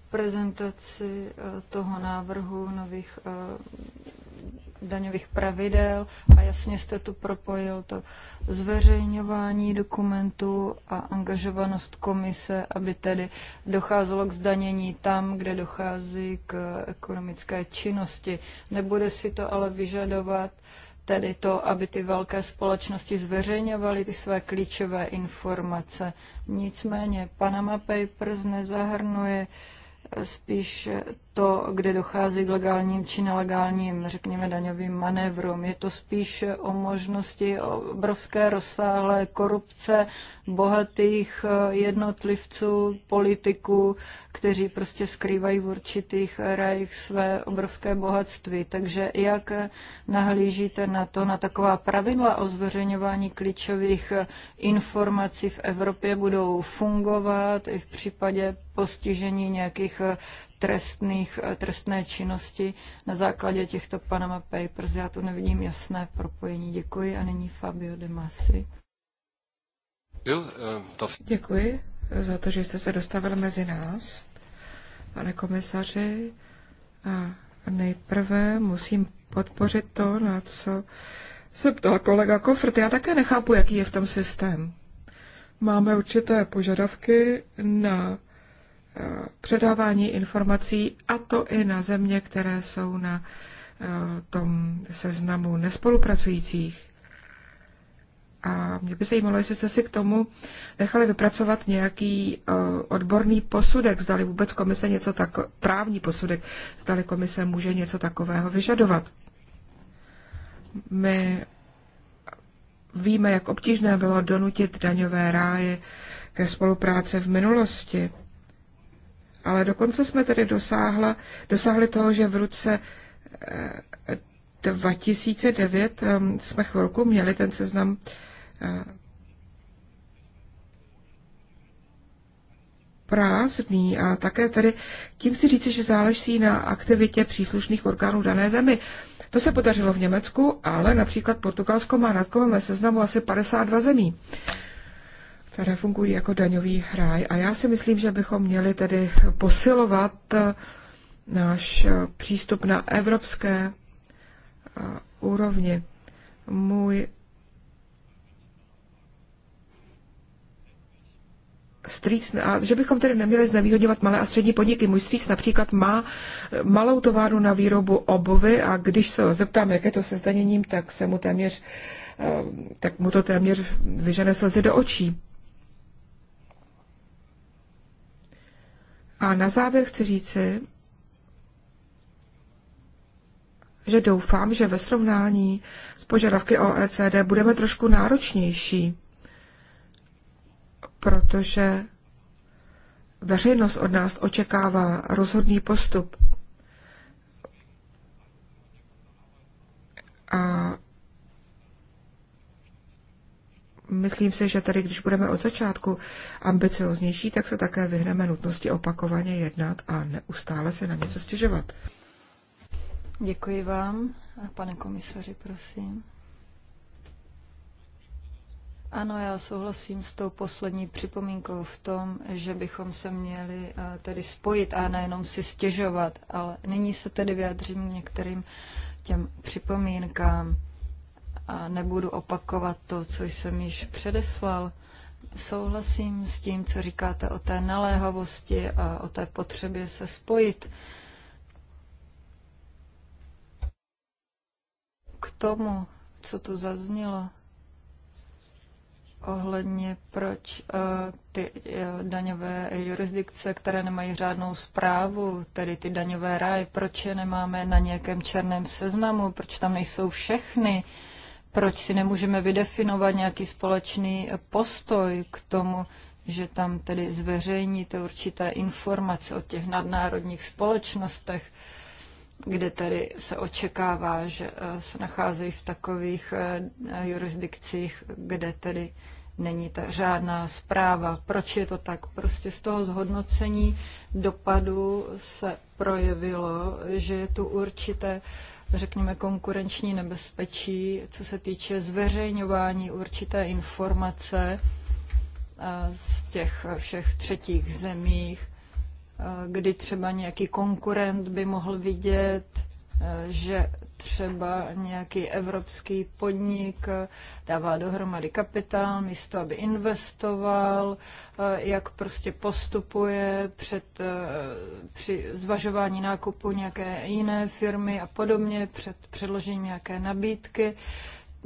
prezentaci eh, toho návrhu nových eh, daňových pravidel a jasně jste tu propojil to zveřejňování dokumentů a angažovanost komise, aby tedy docházelo k zdanění tam, kde dochází k ekonomické činnosti. Nebude si to ale vyžadovat uh, tedy to, aby ty velké společnosti zveřejňovaly ty své klíčové informace. Nicméně Panama Papers nezahrnuje eh, spíš eh, to, kde dochází k legálním či nelegálním, řekněme, daňovým manévrům. Je to spíš o možnosti obrovské rozsáhlé korupce bohatých eh, jednotlivců, politiků, kteří prostě skrývají v určitých rajích své obrovské bohatství. Takže jak nahlížíte na to, na taková pravidla o zveřejňování klíčových eh, informací v Evropě budou fungovat i v případě postižení nějakých eh, trestných, eh, trestné činnosti na základě těchto Panama Papers. Já tu nevidím jasné propojení. Děkuji a nyní Fabio De Masi. Eh, Děkuji za to, že jste se dostavil mezi nás, pane komisaři. A nejprve musím podpořit to, na co se ptal kolega Kofrt. Já také nechápu, jaký je v tom systém. Máme určité požadavky na předávání informací, a to i na země, které jsou na eh, tom seznamu nespolupracujících. A mě by zajímalo, jestli jste si k tomu nechali vypracovat nějaký eh, odborný posudek, zdali vůbec komise něco tak právní posudek, zdali komise může něco takového vyžadovat. My víme, jak obtížné bylo donutit daňové ráje ke spolupráci v minulosti. Ale dokonce jsme tedy dosáhla, dosáhli toho, že v roce 2009 eh, ehm, jsme chvilku měli ten seznam eh, prázdný a také tedy tím si říci, že záleží na aktivitě příslušných orgánů dané zemi. To se podařilo v Německu, ale například Portugalsko má na seznamu asi 52 zemí které fungují jako daňový hráj A já si myslím, že bychom měli tedy posilovat eh, náš eh, přístup na evropské eh, úrovni. Můj strýc, a že bychom tedy neměli znevýhodňovat malé a střední podniky. Můj strýc například má malou továrnu na výrobu obovy a když se ho zeptám, jak je to se zdaněním, tak se mu téměř, tak mu to téměř vyžene slzy do očí. A na závěr chci říci, že doufám, že ve srovnání s požadavky OECD budeme trošku náročnější, protože veřejnost od nás očekává rozhodný postup. A myslím si, že tady, když budeme od začátku ambicioznější, tak se také vyhneme nutnosti opakovaně jednat a neustále se na něco stěžovat. Děkuji vám. A pane komisaři, prosím. Ano, já souhlasím s tou poslední připomínkou v tom, že bychom se měli eh, tedy spojit a nejenom si stěžovat, ale nyní se tedy vyjadřím některým těm připomínkám a nebudu opakovat to, co jsem již předeslal. Souhlasím s tím, co říkáte o té naléhavosti a o té potřebě se spojit. K tomu, co tu zaznělo ohledně proč eh, ty eh, daňové jurisdikce, které nemají řádnou zprávu, tedy ty daňové ráje, proč je nemáme na nějakém černém seznamu, proč tam nejsou všechny, proč si nemůžeme vydefinovat nějaký společný postoj k tomu, že tam tedy zveřejníte určité informace o těch nadnárodních společnostech, kde tedy se očekává, že eh, se nacházejí v takových eh, jurisdikcích, kde tedy není ta žádná zpráva. Proč je to tak? Prostě z toho zhodnocení dopadu se projevilo, že je tu určité uh, řekněme, konkurenční nebezpečí, co se týče zveřejňování určité informace eh, z těch všech třetích zemích, eh, kdy třeba nějaký konkurent by mohl vidět že třeba nějaký evropský podnik dává dohromady kapitál místo, aby investoval, eh, jak prostě postupuje před, eh, při zvažování nákupu nějaké jiné firmy a podobně, před předložením nějaké nabídky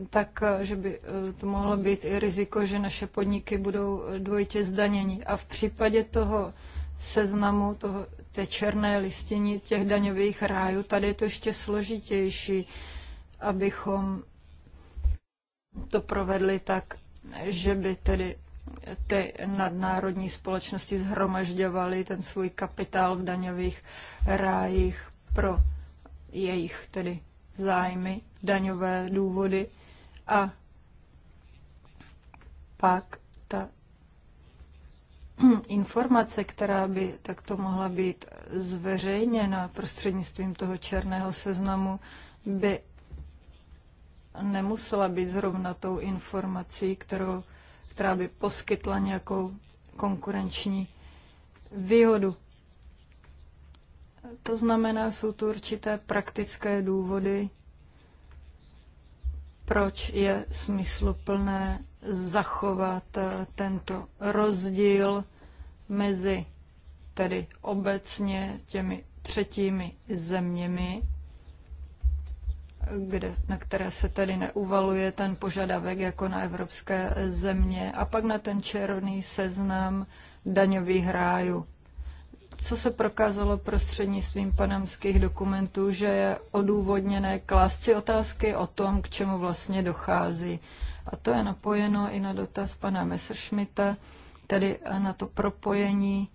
tak, eh, že by to mohlo být i riziko, že naše podniky budou dvojitě zdanění. A v případě toho seznamu toho, té černé listiny těch daňových rájů. Tady je to ještě složitější, abychom to provedli tak, že by tedy ty nadnárodní společnosti zhromažďovaly ten svůj kapitál v daňových rájích pro jejich tedy zájmy, daňové důvody a pak ta informace, která by takto mohla být zveřejněna prostřednictvím toho černého seznamu, by nemusela být zrovna tou informací, kterou, která by poskytla nějakou konkurenční výhodu. To znamená, jsou tu určité praktické důvody, proč je smysluplné zachovat eh, tento rozdíl mezi tedy obecně těmi třetími zeměmi, kde, na které se tedy neuvaluje ten požadavek jako na evropské země, a pak na ten červený seznam daňových rájů co se prokázalo prostřednictvím panamských dokumentů, že je odůvodněné klást si otázky o tom, k čemu vlastně dochází. A to je napojeno i na dotaz pana Messerschmitta, tedy na to propojení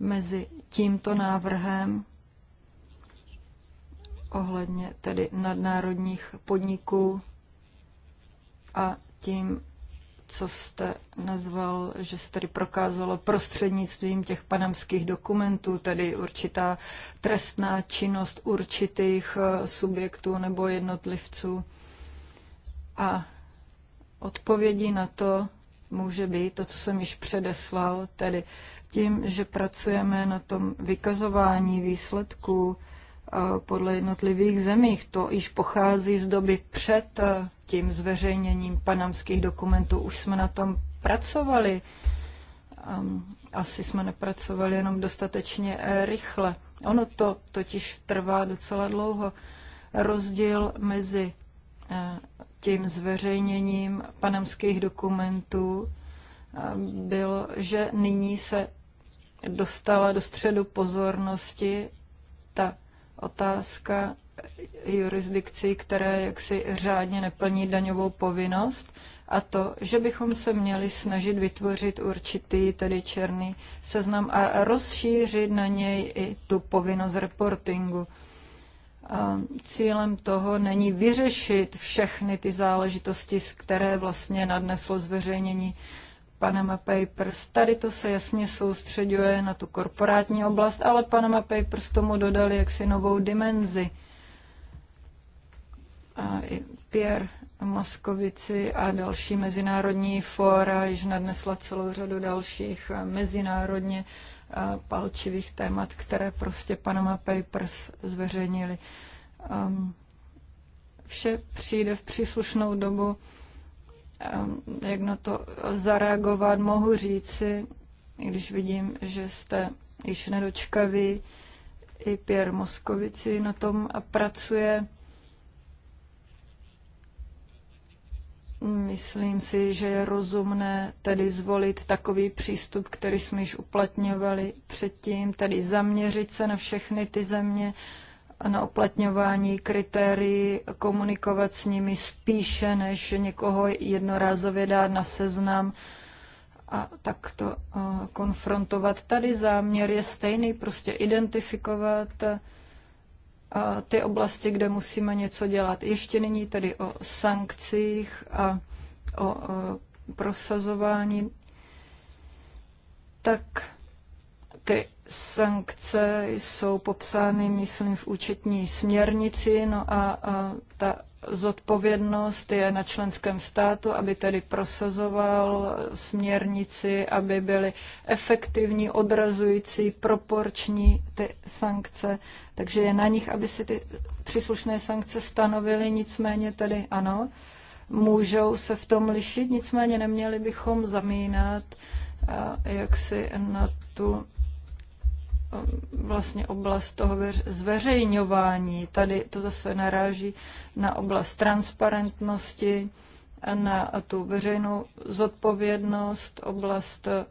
mezi tímto návrhem ohledně tedy nadnárodních podniků a tím co jste nazval, že se tady prokázalo prostřednictvím těch panamských dokumentů, tedy určitá trestná činnost určitých eh, subjektů nebo jednotlivců. A odpovědí na to může být to, co jsem již předeslal, tedy tím, že pracujeme na tom vykazování výsledků eh, podle jednotlivých zemích. To již pochází z doby před eh, tím zveřejněním panamských dokumentů. Už jsme na tom pracovali. Asi jsme nepracovali jenom dostatečně eh, rychle. Ono to totiž trvá docela dlouho. Rozdíl mezi eh, tím zveřejněním panamských dokumentů eh, byl, že nyní se dostala do středu pozornosti ta otázka jurisdikcí, které jaksi řádně neplní daňovou povinnost a to, že bychom se měli snažit vytvořit určitý tedy černý seznam a rozšířit na něj i tu povinnost reportingu. A cílem toho není vyřešit všechny ty záležitosti, které vlastně nadneslo zveřejnění Panama Papers. Tady to se jasně soustředuje na tu korporátní oblast, ale Panama Papers tomu dodali jaksi novou dimenzi. Pierre Moskovici a další mezinárodní fóra již nadnesla celou řadu dalších eh, mezinárodně eh, palčivých témat, které prostě Panama Papers zveřejnili. Ehm, vše přijde v příslušnou dobu, ehm, jak na to zareagovat, mohu říci, když vidím, že jste již nedočkaví, i Pierre Moskovici na tom pracuje Myslím si, že je rozumné tedy zvolit takový přístup, který jsme již uplatňovali předtím, tedy zaměřit se na všechny ty země, na uplatňování kritérií, komunikovat s nimi spíše, než někoho jednorázově dát na seznam a takto eh, konfrontovat. Tady záměr je stejný, prostě identifikovat ty oblasti, kde musíme něco dělat. Ještě není tedy o sankcích a o, o prosazování. Tak ty sankce jsou popsány, myslím, v účetní směrnici, no a, a ta zodpovědnost je na členském státu, aby tedy prosazoval směrnici, aby byly efektivní, odrazující, proporční ty sankce. Takže je na nich, aby si ty příslušné sankce stanovily, nicméně tedy ano, můžou se v tom lišit, nicméně neměli bychom zamínat jak si na tu vlastně oblast toho zveřejňování. Tady to zase naráží na oblast transparentnosti, na tu veřejnou zodpovědnost, oblast eh,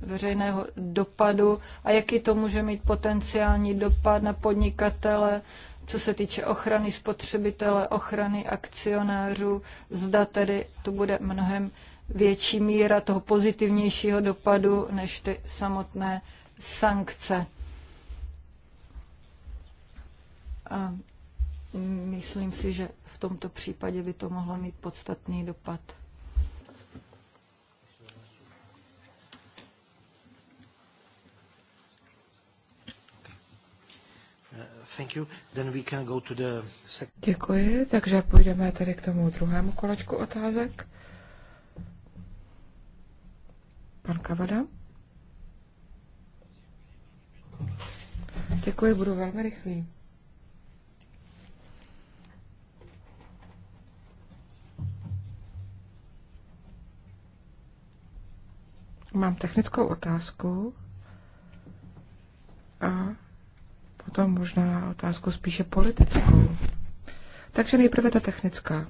veřejného dopadu a jaký to může mít potenciální dopad na podnikatele, co se týče ochrany spotřebitele, ochrany akcionářů, zda tedy to bude mnohem větší míra toho pozitivnějšího dopadu než ty samotné sankce. A myslím si, že v tomto případě by to mohlo mít podstatný dopad. Děkuji, takže půjdeme tady k tomu druhému kolečku otázek. Pan Kavada. Děkuji, budu velmi rychlý. Mám technickou otázku a potom možná otázku spíše politickou. Takže nejprve ta technická.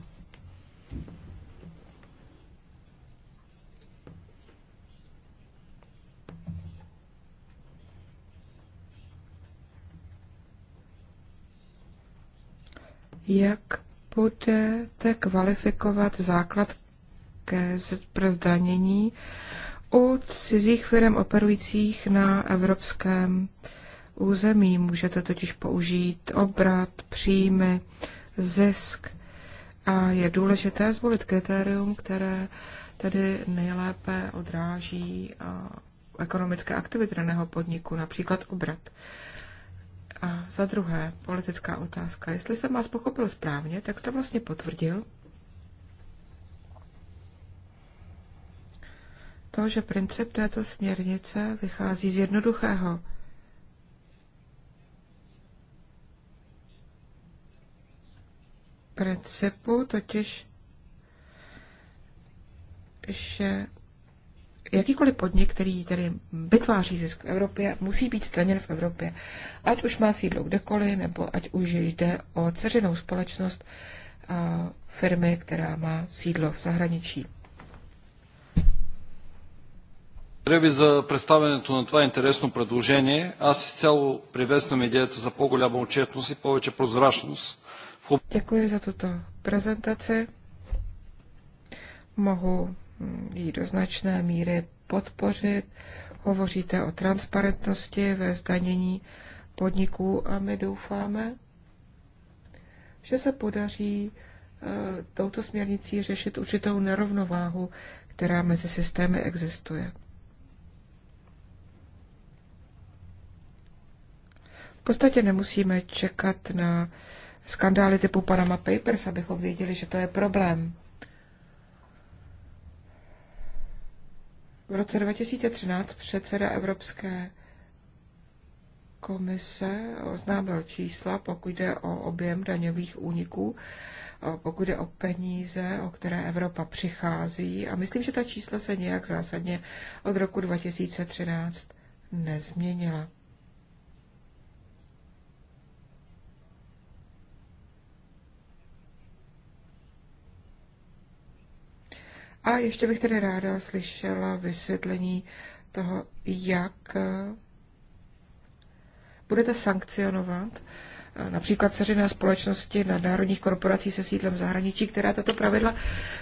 Jak budete kvalifikovat základ ke zdanění u cizích firm operujících na evropském území? Můžete totiž použít obrat, příjmy, zisk. A je důležité zvolit kritérium, které tedy nejlépe odráží ekonomické aktivity daného podniku, například obrat. A za druhé, politická otázka. Jestli jsem vás pochopil správně, tak jste vlastně potvrdil to, že princip této směrnice vychází z jednoduchého. principu, totiž, že jakýkoliv podnik, který tedy vytváří zisk v Evropě, musí být staněn v Evropě. Ať už má sídlo kdekoliv, nebo ať už jde o ceřinou společnost firmy, která má sídlo v zahraničí. Благодаря ви за представянето на това интересно предложение. Аз изцяло приветствам идеята за по-голяма отчетност и повече прозрачност. Děkuji za tuto prezentaci. Mohu ji do značné míry podpořit. Hovoříte o transparentnosti ve zdanění podniků a my doufáme, že se podaří e, touto směrnicí řešit určitou nerovnováhu, která mezi systémy existuje. V podstatě nemusíme čekat na skandály typu Panama Papers, abychom věděli, že to je problém. V roce 2013 předseda Evropské komise oznámil čísla, pokud jde o objem daňových úniků, pokud jde o peníze, o které Evropa přichází. A myslím, že ta čísla se nějak zásadně od roku 2013 nezměnila. A ještě bych tedy ráda slyšela vysvětlení toho, jak eh, budete sankcionovat eh, například seřené společnosti národních korporací se sídlem v zahraničí, která tato pravidla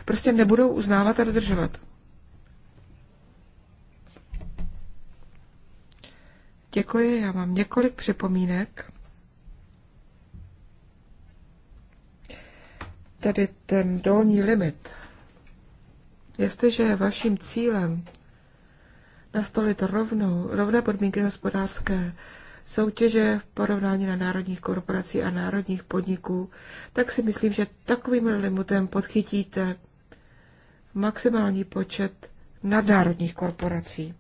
prostě nebudou uznávat a dodržovat. Děkuji, já mám několik připomínek. Tady ten dolní limit Jestliže je vaším cílem nastolit rovnou, rovné podmínky hospodářské soutěže v porovnání na národních korporací a národních podniků, tak si myslím, že takovým limitem podchytíte maximální počet nadnárodních korporací.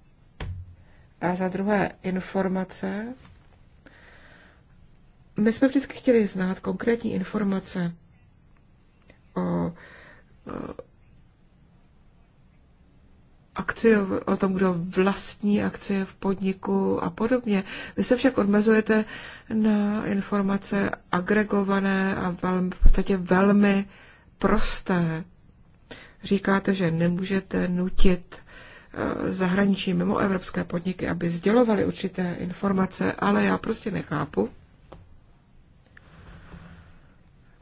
A za druhé informace. My jsme vždycky chtěli znát konkrétní informace o akcie, o tom, kdo vlastní akcie v podniku a podobně. Vy se však odmezujete na informace agregované a velmi, v podstatě velmi prosté. Říkáte, že nemůžete nutit eh, zahraniční mimo evropské podniky, aby sdělovali určité informace, ale já prostě nechápu,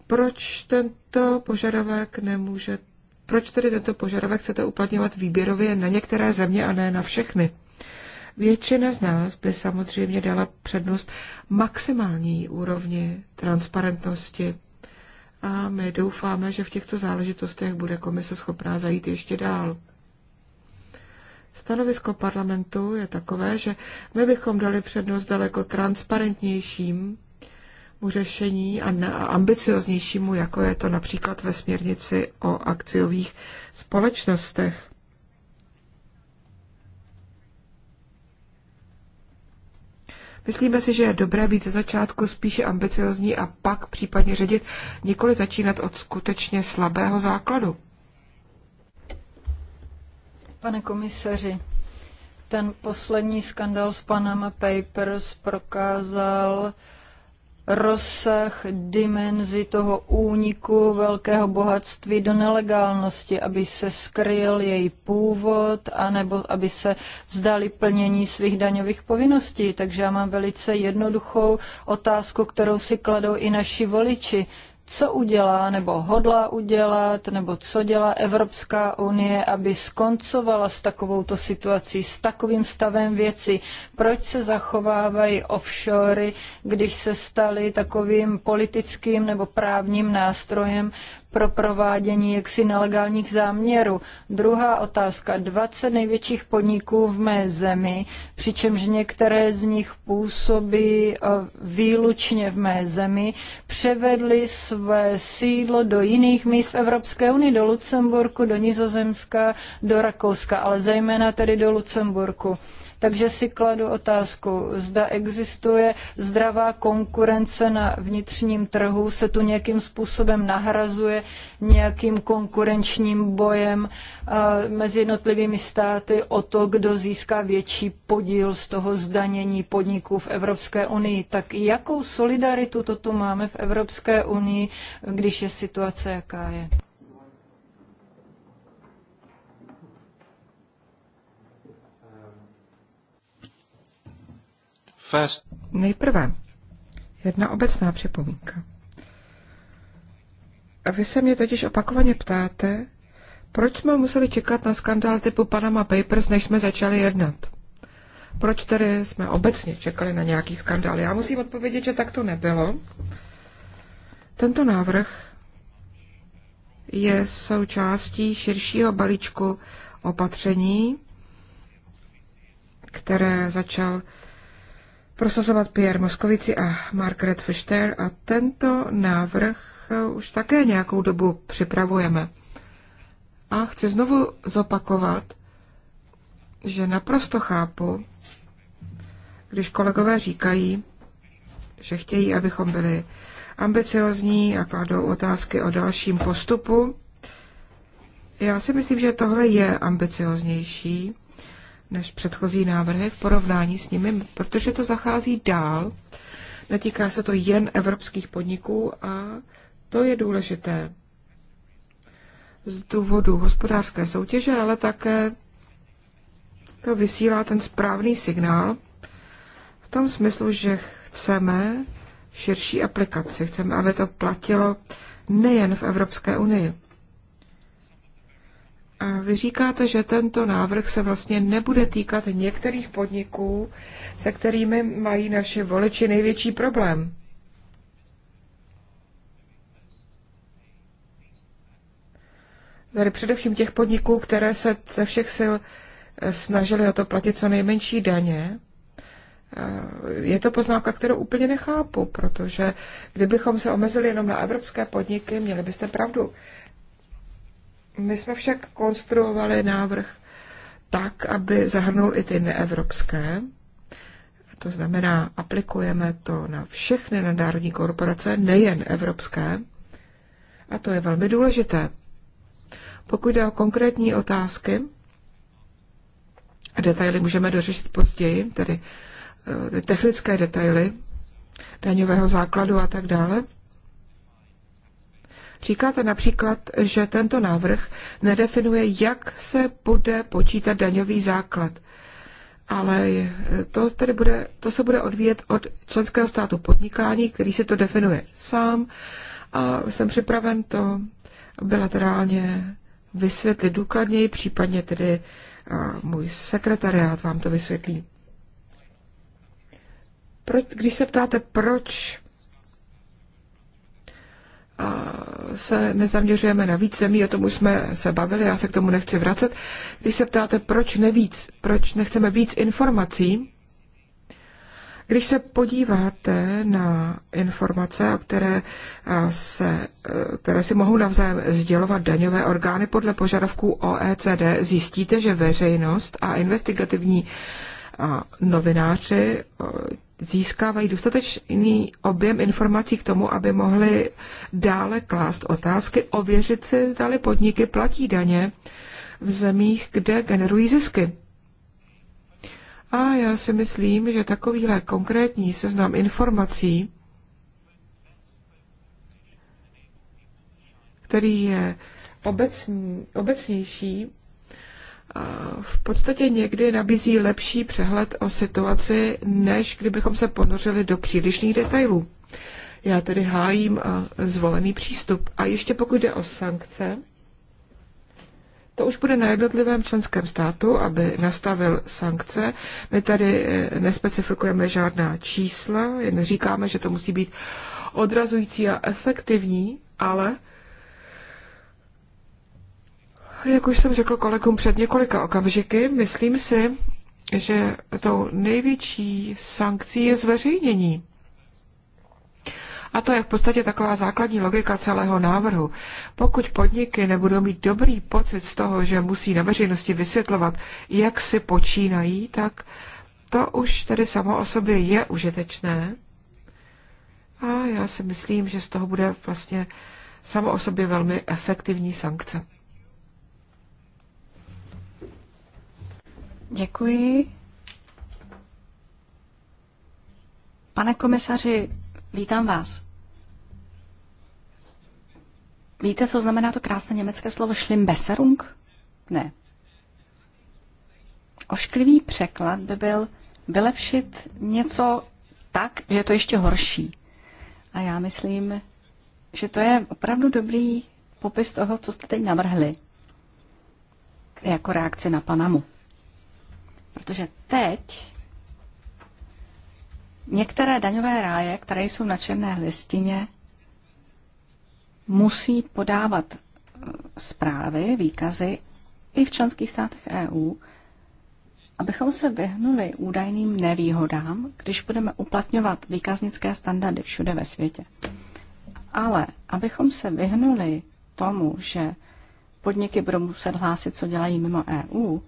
proč tento požadavek nemůžete proč tedy tento požadavek chcete uplatňovat výběrově na některé země a ne na všechny? Většina z nás by samozřejmě dala přednost maximální úrovni transparentnosti a my doufáme, že v těchto záležitostech bude komise schopná zajít ještě dál. Stanovisko parlamentu je takové, že my bychom dali přednost daleko transparentnějším řešení a ambicioznějšímu, jako je to například ve směrnici o akciových společnostech. Myslíme si, že je dobré být ze začátku spíše ambiciozní a pak případně ředit, nikoli začínat od skutečně slabého základu. Pane komisaři, ten poslední skandal s Panama Papers prokázal, rozsah, dimenzi toho úniku velkého bohatství do nelegálnosti, aby se skryl její původ, anebo aby se vzdali plnění svých daňových povinností. Takže já mám velice jednoduchou otázku, kterou si kladou i naši voliči co udělá nebo hodlá udělat, nebo co dělá Evropská unie, aby skoncovala s takovouto situací, s takovým stavem věci. Proč se zachovávají offshory, když se staly takovým politickým nebo právním nástrojem pro provádění jaksi nelegálních záměrů. Druhá otázka. 20 největších podniků v mé zemi, přičemž některé z nich působí eh, výlučně v mé zemi, převedly své sídlo do jiných míst v Evropské unii, do Lucemburku, do Nizozemska, do Rakouska, ale zejména tedy do Lucemburku. Takže si kladu otázku, zda existuje zdravá konkurence na vnitřním trhu, se tu nějakým způsobem nahrazuje nějakým konkurenčním bojem mezi jednotlivými státy o to, kdo získá větší podíl z toho zdanění podniků v Evropské unii. Tak jakou solidaritu to tu máme v Evropské unii, když je situace jaká je? first... Nejprve jedna obecná připomínka. A vy se mě totiž opakovaně ptáte, proč jsme museli čekat na skandál typu Panama Papers, než jsme začali jednat? Proč tedy jsme obecně čekali na nějaký skandál? Já musím odpovědět, že tak to nebylo. Tento návrh je součástí širšího balíčku opatření, které začal prosazovat Pierre Moskovici a Margaret Fischer a tento návrh eh, už také nějakou dobu připravujeme. A chci znovu zopakovat, že naprosto chápu, když kolegové říkají, že chtějí, abychom byli ambiciozní a kladou otázky o dalším postupu. Já si myslím, že tohle je ambicioznější než předchozí návrhy v porovnání s nimi, protože to zachází dál. Netýká se to jen evropských podniků a to je důležité z důvodu hospodářské soutěže, ale také to vysílá ten správný signál v tom smyslu, že chceme širší aplikaci. Chceme, aby to platilo nejen v Evropské unii vy říkáte, že tento návrh se vlastně nebude týkat některých podniků, se kterými mají naše voliči největší problém. Tady především těch podniků, které se ze všech sil eh, snažili o to platit co nejmenší daně. Eh, je to poznámka, kterou úplně nechápu, protože kdybychom se omezili jenom na evropské podniky, měli byste pravdu. My jsme však konstruovali návrh tak, aby zahrnul i ty neevropské. To znamená, aplikujeme to na všechny nadnárodní korporace, nejen evropské. A to je velmi důležité. Pokud jde o konkrétní otázky, detaily můžeme dořešit později, tedy eh, technické detaily daňového základu a tak dále, Říkáte například, že tento návrh nedefinuje, jak se bude počítat daňový základ. Ale to, tedy bude, to se bude odvíjet od členského státu podnikání, který si to definuje sám. A jsem připraven to bilaterálně vysvětlit důkladněji, případně tedy můj sekretariát vám to vysvětlí. Proč, když se ptáte, proč se nezaměřujeme na víc zemí, o tom už jsme se bavili, já se k tomu nechci vracet. Když se ptáte, proč nevíc, proč nechceme víc informací, když se podíváte na informace, které, se, e, které si mohou navzájem sdělovat daňové orgány podle požadavků OECD, zjistíte, že veřejnost a investigativní novináři získávají dostatečný objem informací k tomu, aby mohli dále klást otázky, ověřit si, zdali podniky platí daně v zemích, kde generují zisky. A já si myslím, že takovýhle konkrétní seznam informací, který je obecní, obecnější, v podstatě někdy nabízí lepší přehled o situaci, než kdybychom se ponořili do přílišných detailů. Já tedy hájím zvolený přístup. A ještě pokud jde o sankce, to už bude na jednotlivém členském státu, aby nastavil sankce. My tady e, nespecifikujeme žádná čísla, jen říkáme, že to musí být odrazující a efektivní, ale jak už jsem řekl kolegům před několika okamžiky, myslím si, že tou největší sankcí je zveřejnění. A to je v podstatě taková základní logika celého návrhu. Pokud podniky nebudou mít dobrý pocit z toho, že musí na veřejnosti vysvětlovat, jak si počínají, tak to už tedy samo o sobě je užitečné. A já si myslím, že z toho bude vlastně samo o sobě velmi efektivní sankce. Děkuji. Pane komisaři, vítám vás. Víte, co znamená to krásné německé slovo Schlimbesserung? Ne. Ošklivý překlad by byl vylepšit něco tak, že je to ještě horší. A já myslím, že to je opravdu dobrý popis toho, co jste teď navrhli jako reakci na Panamu. Protože teď některé daňové ráje, které jsou na černé listině, musí podávat eh, zprávy, výkazy i v členských státech EU, abychom se vyhnuli údajným nevýhodám, když budeme uplatňovat výkaznické standardy všude ve světě. Ale abychom se vyhnuli tomu, že podniky budou muset hlásit, co dělají mimo EU,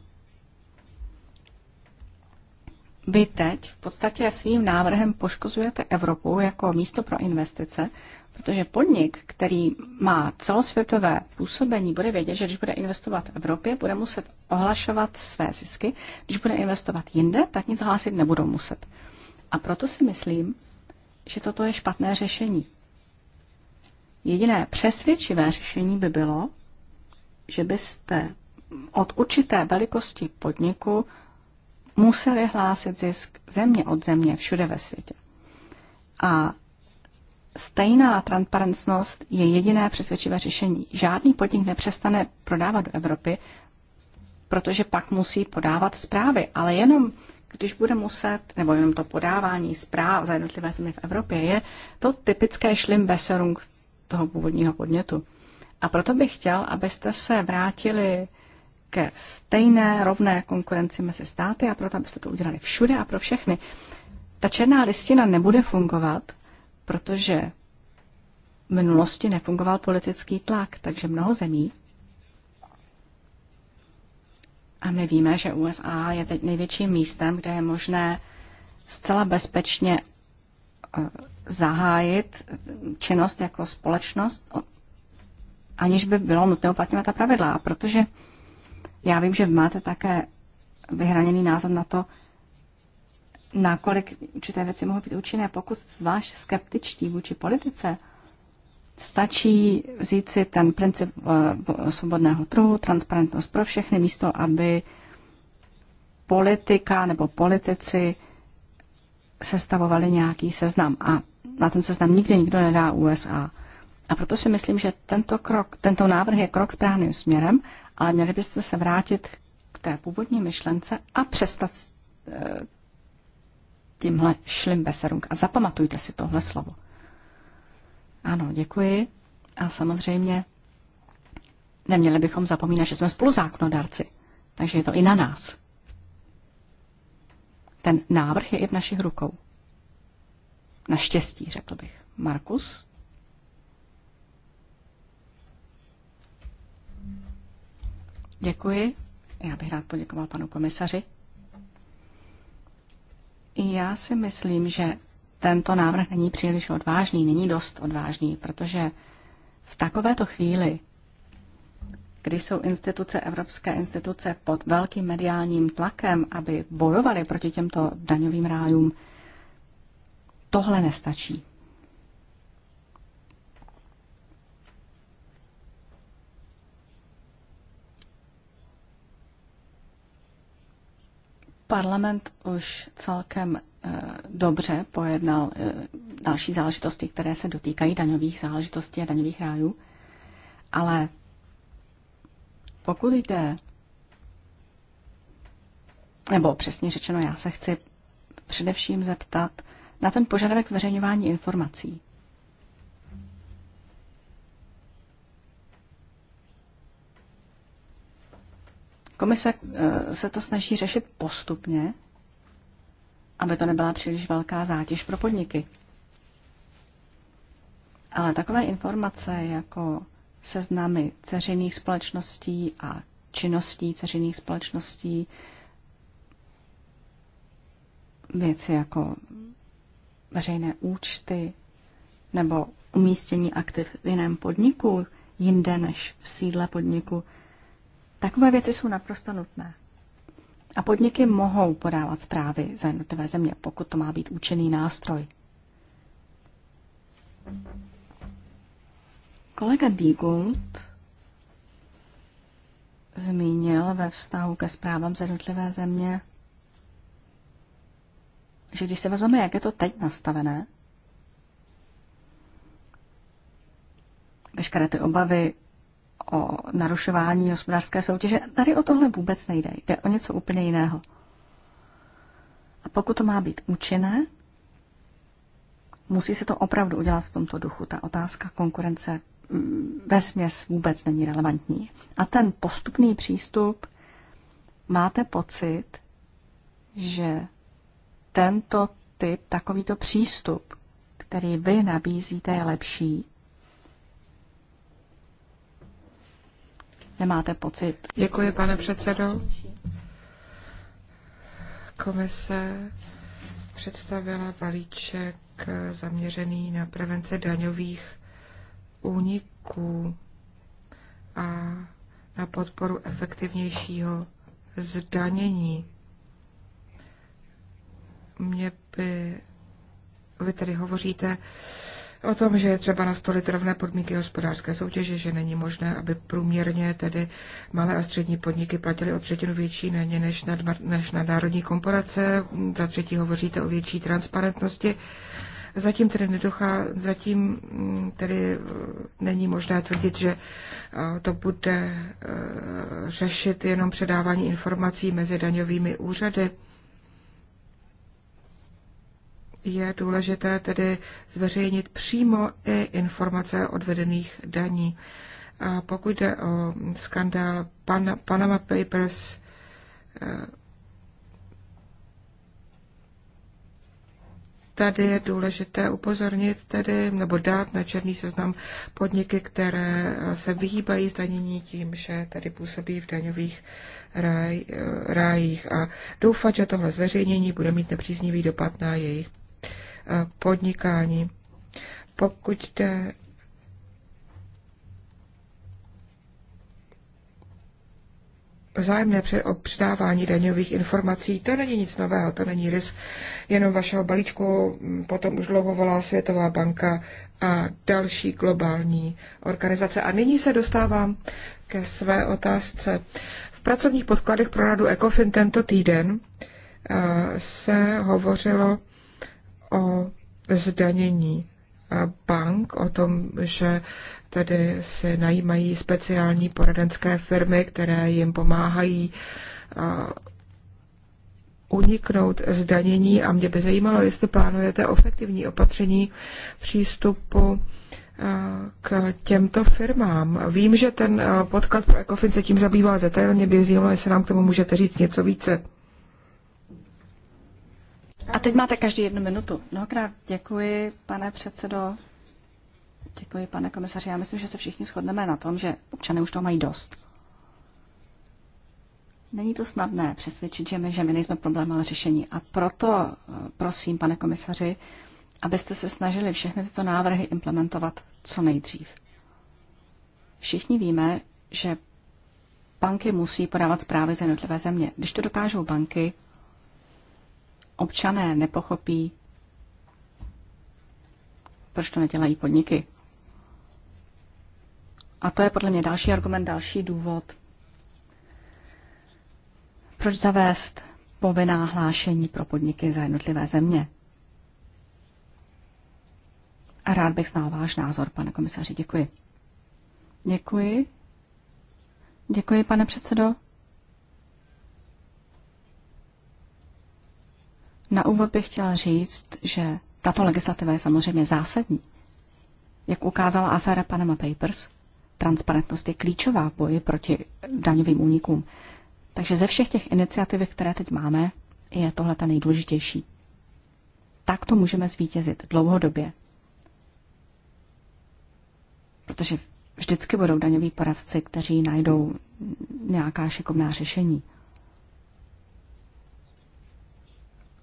vy teď v podstatě svým návrhem poškozujete Evropu jako místo pro investice, protože podnik, který má celosvětové působení, bude vědět, že když bude investovat v Evropě, bude muset ohlašovat své zisky, když bude investovat jinde, tak nic hlásit nebudou muset. A proto si myslím, že toto je špatné řešení. Jediné přesvědčivé řešení by bylo, že byste od určité velikosti podniku museli hlásit zisk země od země všude ve světě. A stejná transparentnost je jediné přesvědčivé řešení. Žádný podnik nepřestane prodávat do Evropy, protože pak musí podávat zprávy, ale jenom když bude muset, nebo jenom to podávání zpráv za jednotlivé země v Evropě, je to typické šlimbesserung toho původního podnětu. A proto bych chtěl, abyste se vrátili ke stejné rovné konkurenci mezi státy a proto, abyste to udělali všude a pro všechny. Ta černá listina nebude fungovat, protože v minulosti nefungoval politický tlak, takže mnoho zemí, a my víme, že USA je teď největším místem, kde je možné zcela bezpečně eh, zahájit činnost jako společnost, aniž by bylo nutné uplatňovat ta pravidla. protože já vím, že máte také vyhraněný názor na to, nakolik určité věci mohou být účinné. Pokud zvlášť skeptičtí vůči politice, stačí vzít si ten princip eh, svobodného trhu, transparentnost pro všechny, místo aby politika nebo politici sestavovali nějaký seznam. A na ten seznam nikdy nikdo nedá USA. A proto si myslím, že tento, krok, tento návrh je krok správným směrem ale měli byste se vrátit k té původní myšlence a přestat s eh, tímhle šlimbeserung. A zapamatujte si tohle slovo. Ano, děkuji. A samozřejmě neměli bychom zapomínat, že jsme spoluzákonodárci. Takže je to i na nás. Ten návrh je i v našich rukou. Naštěstí, řekl bych. Markus? Děkuji. Já bych rád poděkoval panu komisaři. Já si myslím, že tento návrh není příliš odvážný, není dost odvážný, protože v takovéto chvíli, když jsou instituce, evropské instituce pod velkým mediálním tlakem, aby bojovaly proti těmto daňovým rájům, tohle nestačí. Parlament už celkem eh, dobře pojednal eh, další záležitosti, které se dotýkají daňových záležitostí a daňových rájů, ale pokud jde, nebo přesně řečeno, já se chci především zeptat na ten požadavek zveřejňování informací. Komise eh, se to snaží řešit postupně, aby to nebyla příliš velká zátěž pro podniky. Ale takové informace jako seznamy ceřiných společností a činností ceřiných společností, věci jako veřejné účty nebo umístění aktiv v jiném podniku, jinde než v sídle podniku, Takové věci jsou naprosto nutné. A podniky mohou podávat zprávy za jednotlivé země, pokud to má být účinný nástroj. Kolega Diegold zmínil ve vztahu ke zprávám za jednotlivé země, že když se vezmeme, jak je to teď nastavené, veškeré ty obavy o narušování hospodářské soutěže. Tady o tohle vůbec nejde. Jde o něco úplně jiného. A pokud to má být účinné, musí se to opravdu udělat v tomto duchu. Ta otázka konkurence mm, ve směs vůbec není relevantní. A ten postupný přístup, máte pocit, že tento typ, takovýto přístup, který vy nabízíte, je lepší Nemáte pocit? Děkuji, pane předsedo. Komise představila balíček zaměřený na prevenci daňových úniků a na podporu efektivnějšího zdanění. Mě by, vy tedy hovoříte o tom, že je třeba nastolit rovné podmínky hospodářské soutěže, že není možné, aby průměrně tedy malé a střední podniky platily o třetinu větší daně než, nad, než národní komporace. Za třetí hovoříte o větší transparentnosti. Zatím tedy, nedochá, zatím mm, tedy eh, není možné tvrdit, že eh, to bude eh, řešit jenom předávání informací mezi daňovými úřady je důležité tedy zveřejnit přímo i informace o odvedených daní. A pokud jde o skandál Pan- Panama Papers, eh, tady je důležité upozornit tedy, nebo dát na černý seznam podniky, které eh, se vyhýbají zdanění tím, že tady působí v daňových ráj, eh, rájích a doufat, že tohle zveřejnění bude mít nepříznivý dopad na jejich podnikání. Pokud jde vzájemné předávání daňových informací, to není nic nového, to není rys jenom vašeho balíčku, potom už dlouho volá Světová banka a další globální organizace. A nyní se dostávám ke své otázce. V pracovních podkladech pro radu ECOFIN tento týden eh, se hovořilo o zdanění bank, o tom, že tedy si najímají speciální poradenské firmy, které jim pomáhají uniknout zdanění a mě by zajímalo, jestli plánujete efektivní opatření přístupu k těmto firmám. Vím, že ten podklad pro Ecofin se tím zabýval detailně, by zajímalo, jestli nám k tomu můžete říct něco více. A teď máte každý jednu minutu. Mnohokrát děkuji, pane předsedo. Děkuji, pane komisaři. Já myslím, že se všichni shodneme na tom, že občany už to mají dost. Není to snadné přesvědčit, že my, že my nejsme problém, ale řešení. A proto eh, prosím, pane komisaři, abyste se snažili všechny tyto návrhy implementovat co nejdřív. Všichni víme, že banky musí podávat zprávy z jednotlivé země. Když to dokážou banky, občané nepochopí, proč to nedělají podniky. A to je podle mě další argument, další důvod, proč zavést povinná hlášení pro podniky za jednotlivé země. A rád bych znal váš názor, pane komisaři. Děkuji. Děkuji. Děkuji, pane předsedo. Na úvod bych chtěla říct, že tato legislativa je samozřejmě zásadní. Jak ukázala aféra Panama Papers, transparentnost je klíčová v boji proti daňovým únikům. Takže ze všech těch iniciativ, které teď máme, je tohle ta nejdůležitější. Tak to můžeme zvítězit dlouhodobě. Protože vždycky budou daňoví poradci, kteří najdou nějaká šikovná řešení.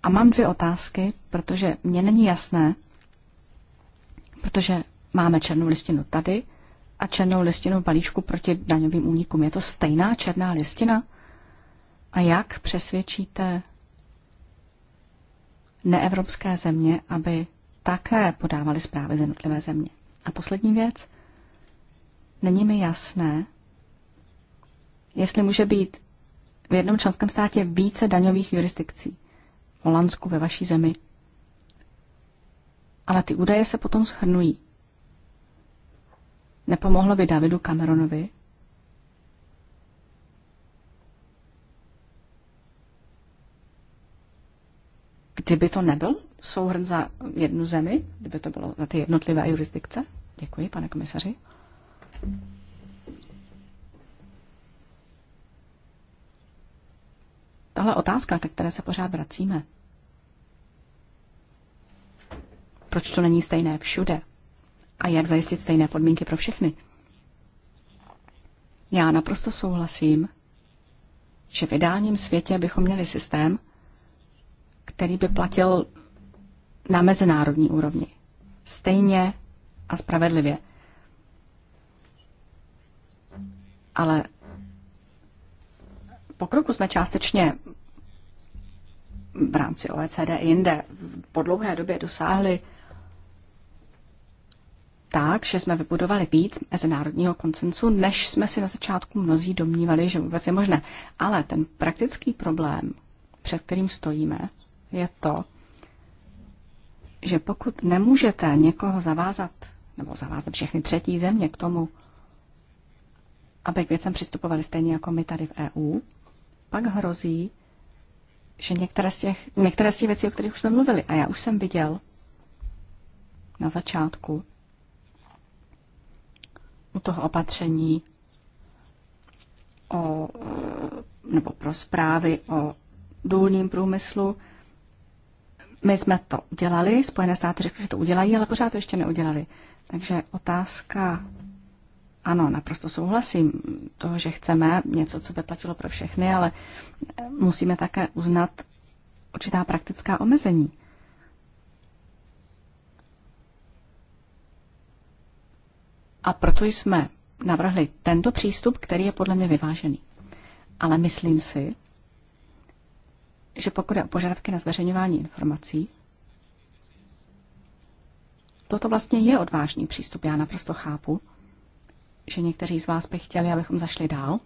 A mám dvě otázky, protože mně není jasné, protože máme černou listinu tady a černou listinu v balíčku proti daňovým únikům. Je to stejná černá listina? A jak přesvědčíte neevropské země, aby také podávali zprávy z jednotlivé země? A poslední věc. Není mi jasné, jestli může být v jednom členském státě více daňových jurisdikcí. Holandsku, ve vaší zemi. Ale ty údaje se potom shrnují. Nepomohlo by Davidu Cameronovi? Kdyby to nebyl souhrn za jednu zemi, kdyby to bylo za ty jednotlivé jurisdikce? Děkuji, pane komisaři. Tahle otázka, ke které se pořád vracíme, Proč to není stejné všude? A jak zajistit stejné podmínky pro všechny? Já naprosto souhlasím, že v ideálním světě bychom měli systém, který by platil na mezinárodní úrovni. Stejně a spravedlivě. Ale pokroku jsme částečně v rámci OECD i jinde po dlouhé době dosáhli tak, že jsme vybudovali víc mezinárodního koncensu, než jsme si na začátku mnozí domnívali, že vůbec je možné. Ale ten praktický problém, před kterým stojíme, je to, že pokud nemůžete někoho zavázat, nebo zavázat všechny třetí země k tomu, aby k věcem přistupovali stejně jako my tady v EU, pak hrozí, že některé z těch, některé z těch věcí, o kterých už jsme mluvili, a já už jsem viděl na začátku, u toho opatření o, nebo pro zprávy o důlním průmyslu. My jsme to udělali, Spojené státy řekly, že to udělají, ale pořád to ještě neudělali. Takže otázka, ano, naprosto souhlasím, toho, že chceme něco, co by platilo pro všechny, ale musíme také uznat určitá praktická omezení. A proto jsme navrhli tento přístup, který je podle mě vyvážený. Ale myslím si, že pokud je o požadavky na zveřejňování informací, toto vlastně je odvážný přístup. Já naprosto chápu, že někteří z vás by chtěli, abychom zašli dál,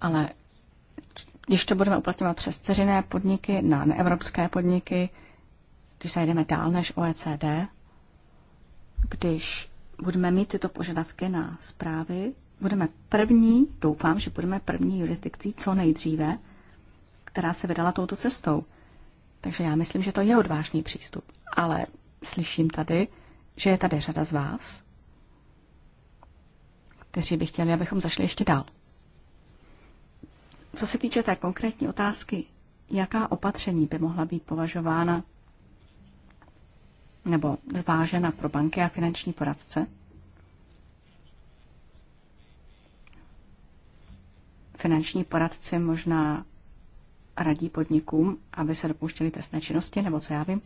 ale když to budeme uplatňovat přes ceřiné podniky na neevropské podniky, když zajdeme dál než OECD, když budeme mít tyto požadavky na zprávy, budeme první, doufám, že budeme první jurisdikcí co nejdříve, která se vydala touto cestou. Takže já myslím, že to je odvážný přístup. Ale slyším tady, že je tady řada z vás, kteří by chtěli, abychom zašli ještě dál. Co se týče té konkrétní otázky, jaká opatření by mohla být považována nebo zvážena pro banky a finanční poradce. Finanční poradci možná radí podnikům, aby se dopouštěli trestné činnosti, nebo co já vím.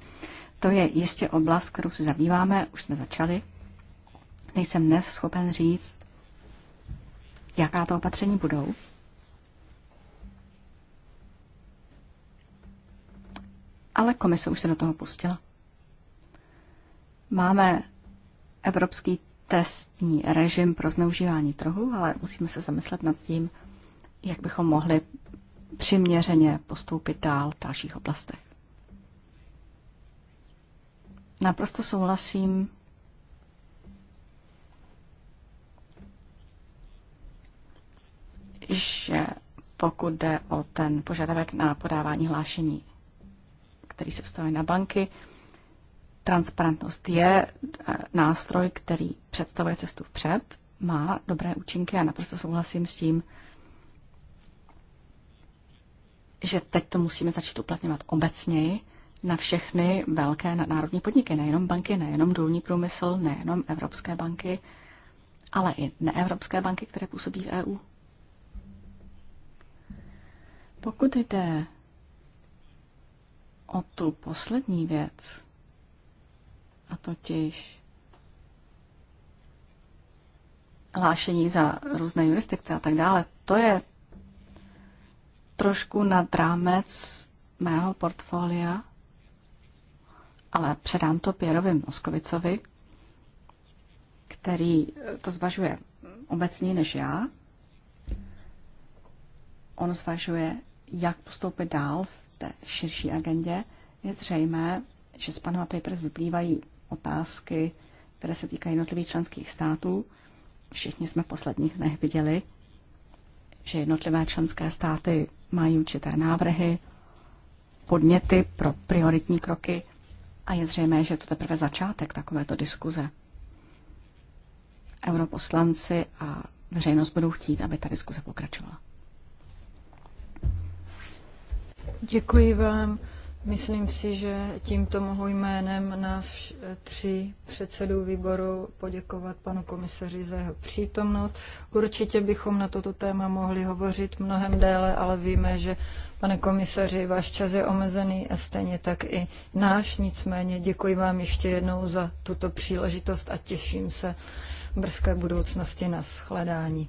To je jistě oblast, kterou se zabýváme, už jsme začali. Nejsem dnes schopen říct, jaká to opatření budou. Ale komise už se do toho pustila. Máme evropský testní režim pro zneužívání trhu, ale musíme se zamyslet nad tím, jak bychom mohli přiměřeně postoupit dál v dalších oblastech. Naprosto souhlasím že pokud jde o ten požadavek na podávání hlášení, který se vztahuje na banky, Transparentnost je eh, nástroj, který představuje cestu před, má dobré účinky a naprosto souhlasím s tím, že teď to musíme začít uplatňovat obecněji na všechny velké národní podniky, nejenom banky, nejenom důlní průmysl, nejenom evropské banky, ale i neevropské banky, které působí v EU. Pokud jde o tu poslední věc, a totiž hlášení za různé jurisdikce a tak dále, to je trošku nad rámec mého portfolia, ale předám to Pěrovi Moskovicovi, který to zvažuje obecně než já. On zvažuje, jak postoupit dál v té širší agendě. Je zřejmé, že z Panama Papers vyplývají otázky, které se týkají jednotlivých členských států. Všichni jsme v posledních dnech viděli, že jednotlivé členské státy mají určité návrhy, podněty pro prioritní kroky a je zřejmé, že to teprve začátek takovéto diskuze. Europoslanci a veřejnost budou chtít, aby ta diskuze pokračovala. Děkuji vám. Myslím si, že tímto mohu jménem nás tři předsedů výboru poděkovat panu komisaři za jeho přítomnost. Určitě bychom na toto téma mohli hovořit mnohem déle, ale víme, že pane komisaři, váš čas je omezený a stejně tak i náš. Nicméně děkuji vám ještě jednou za tuto příležitost a těším se v brzké budoucnosti na shledání.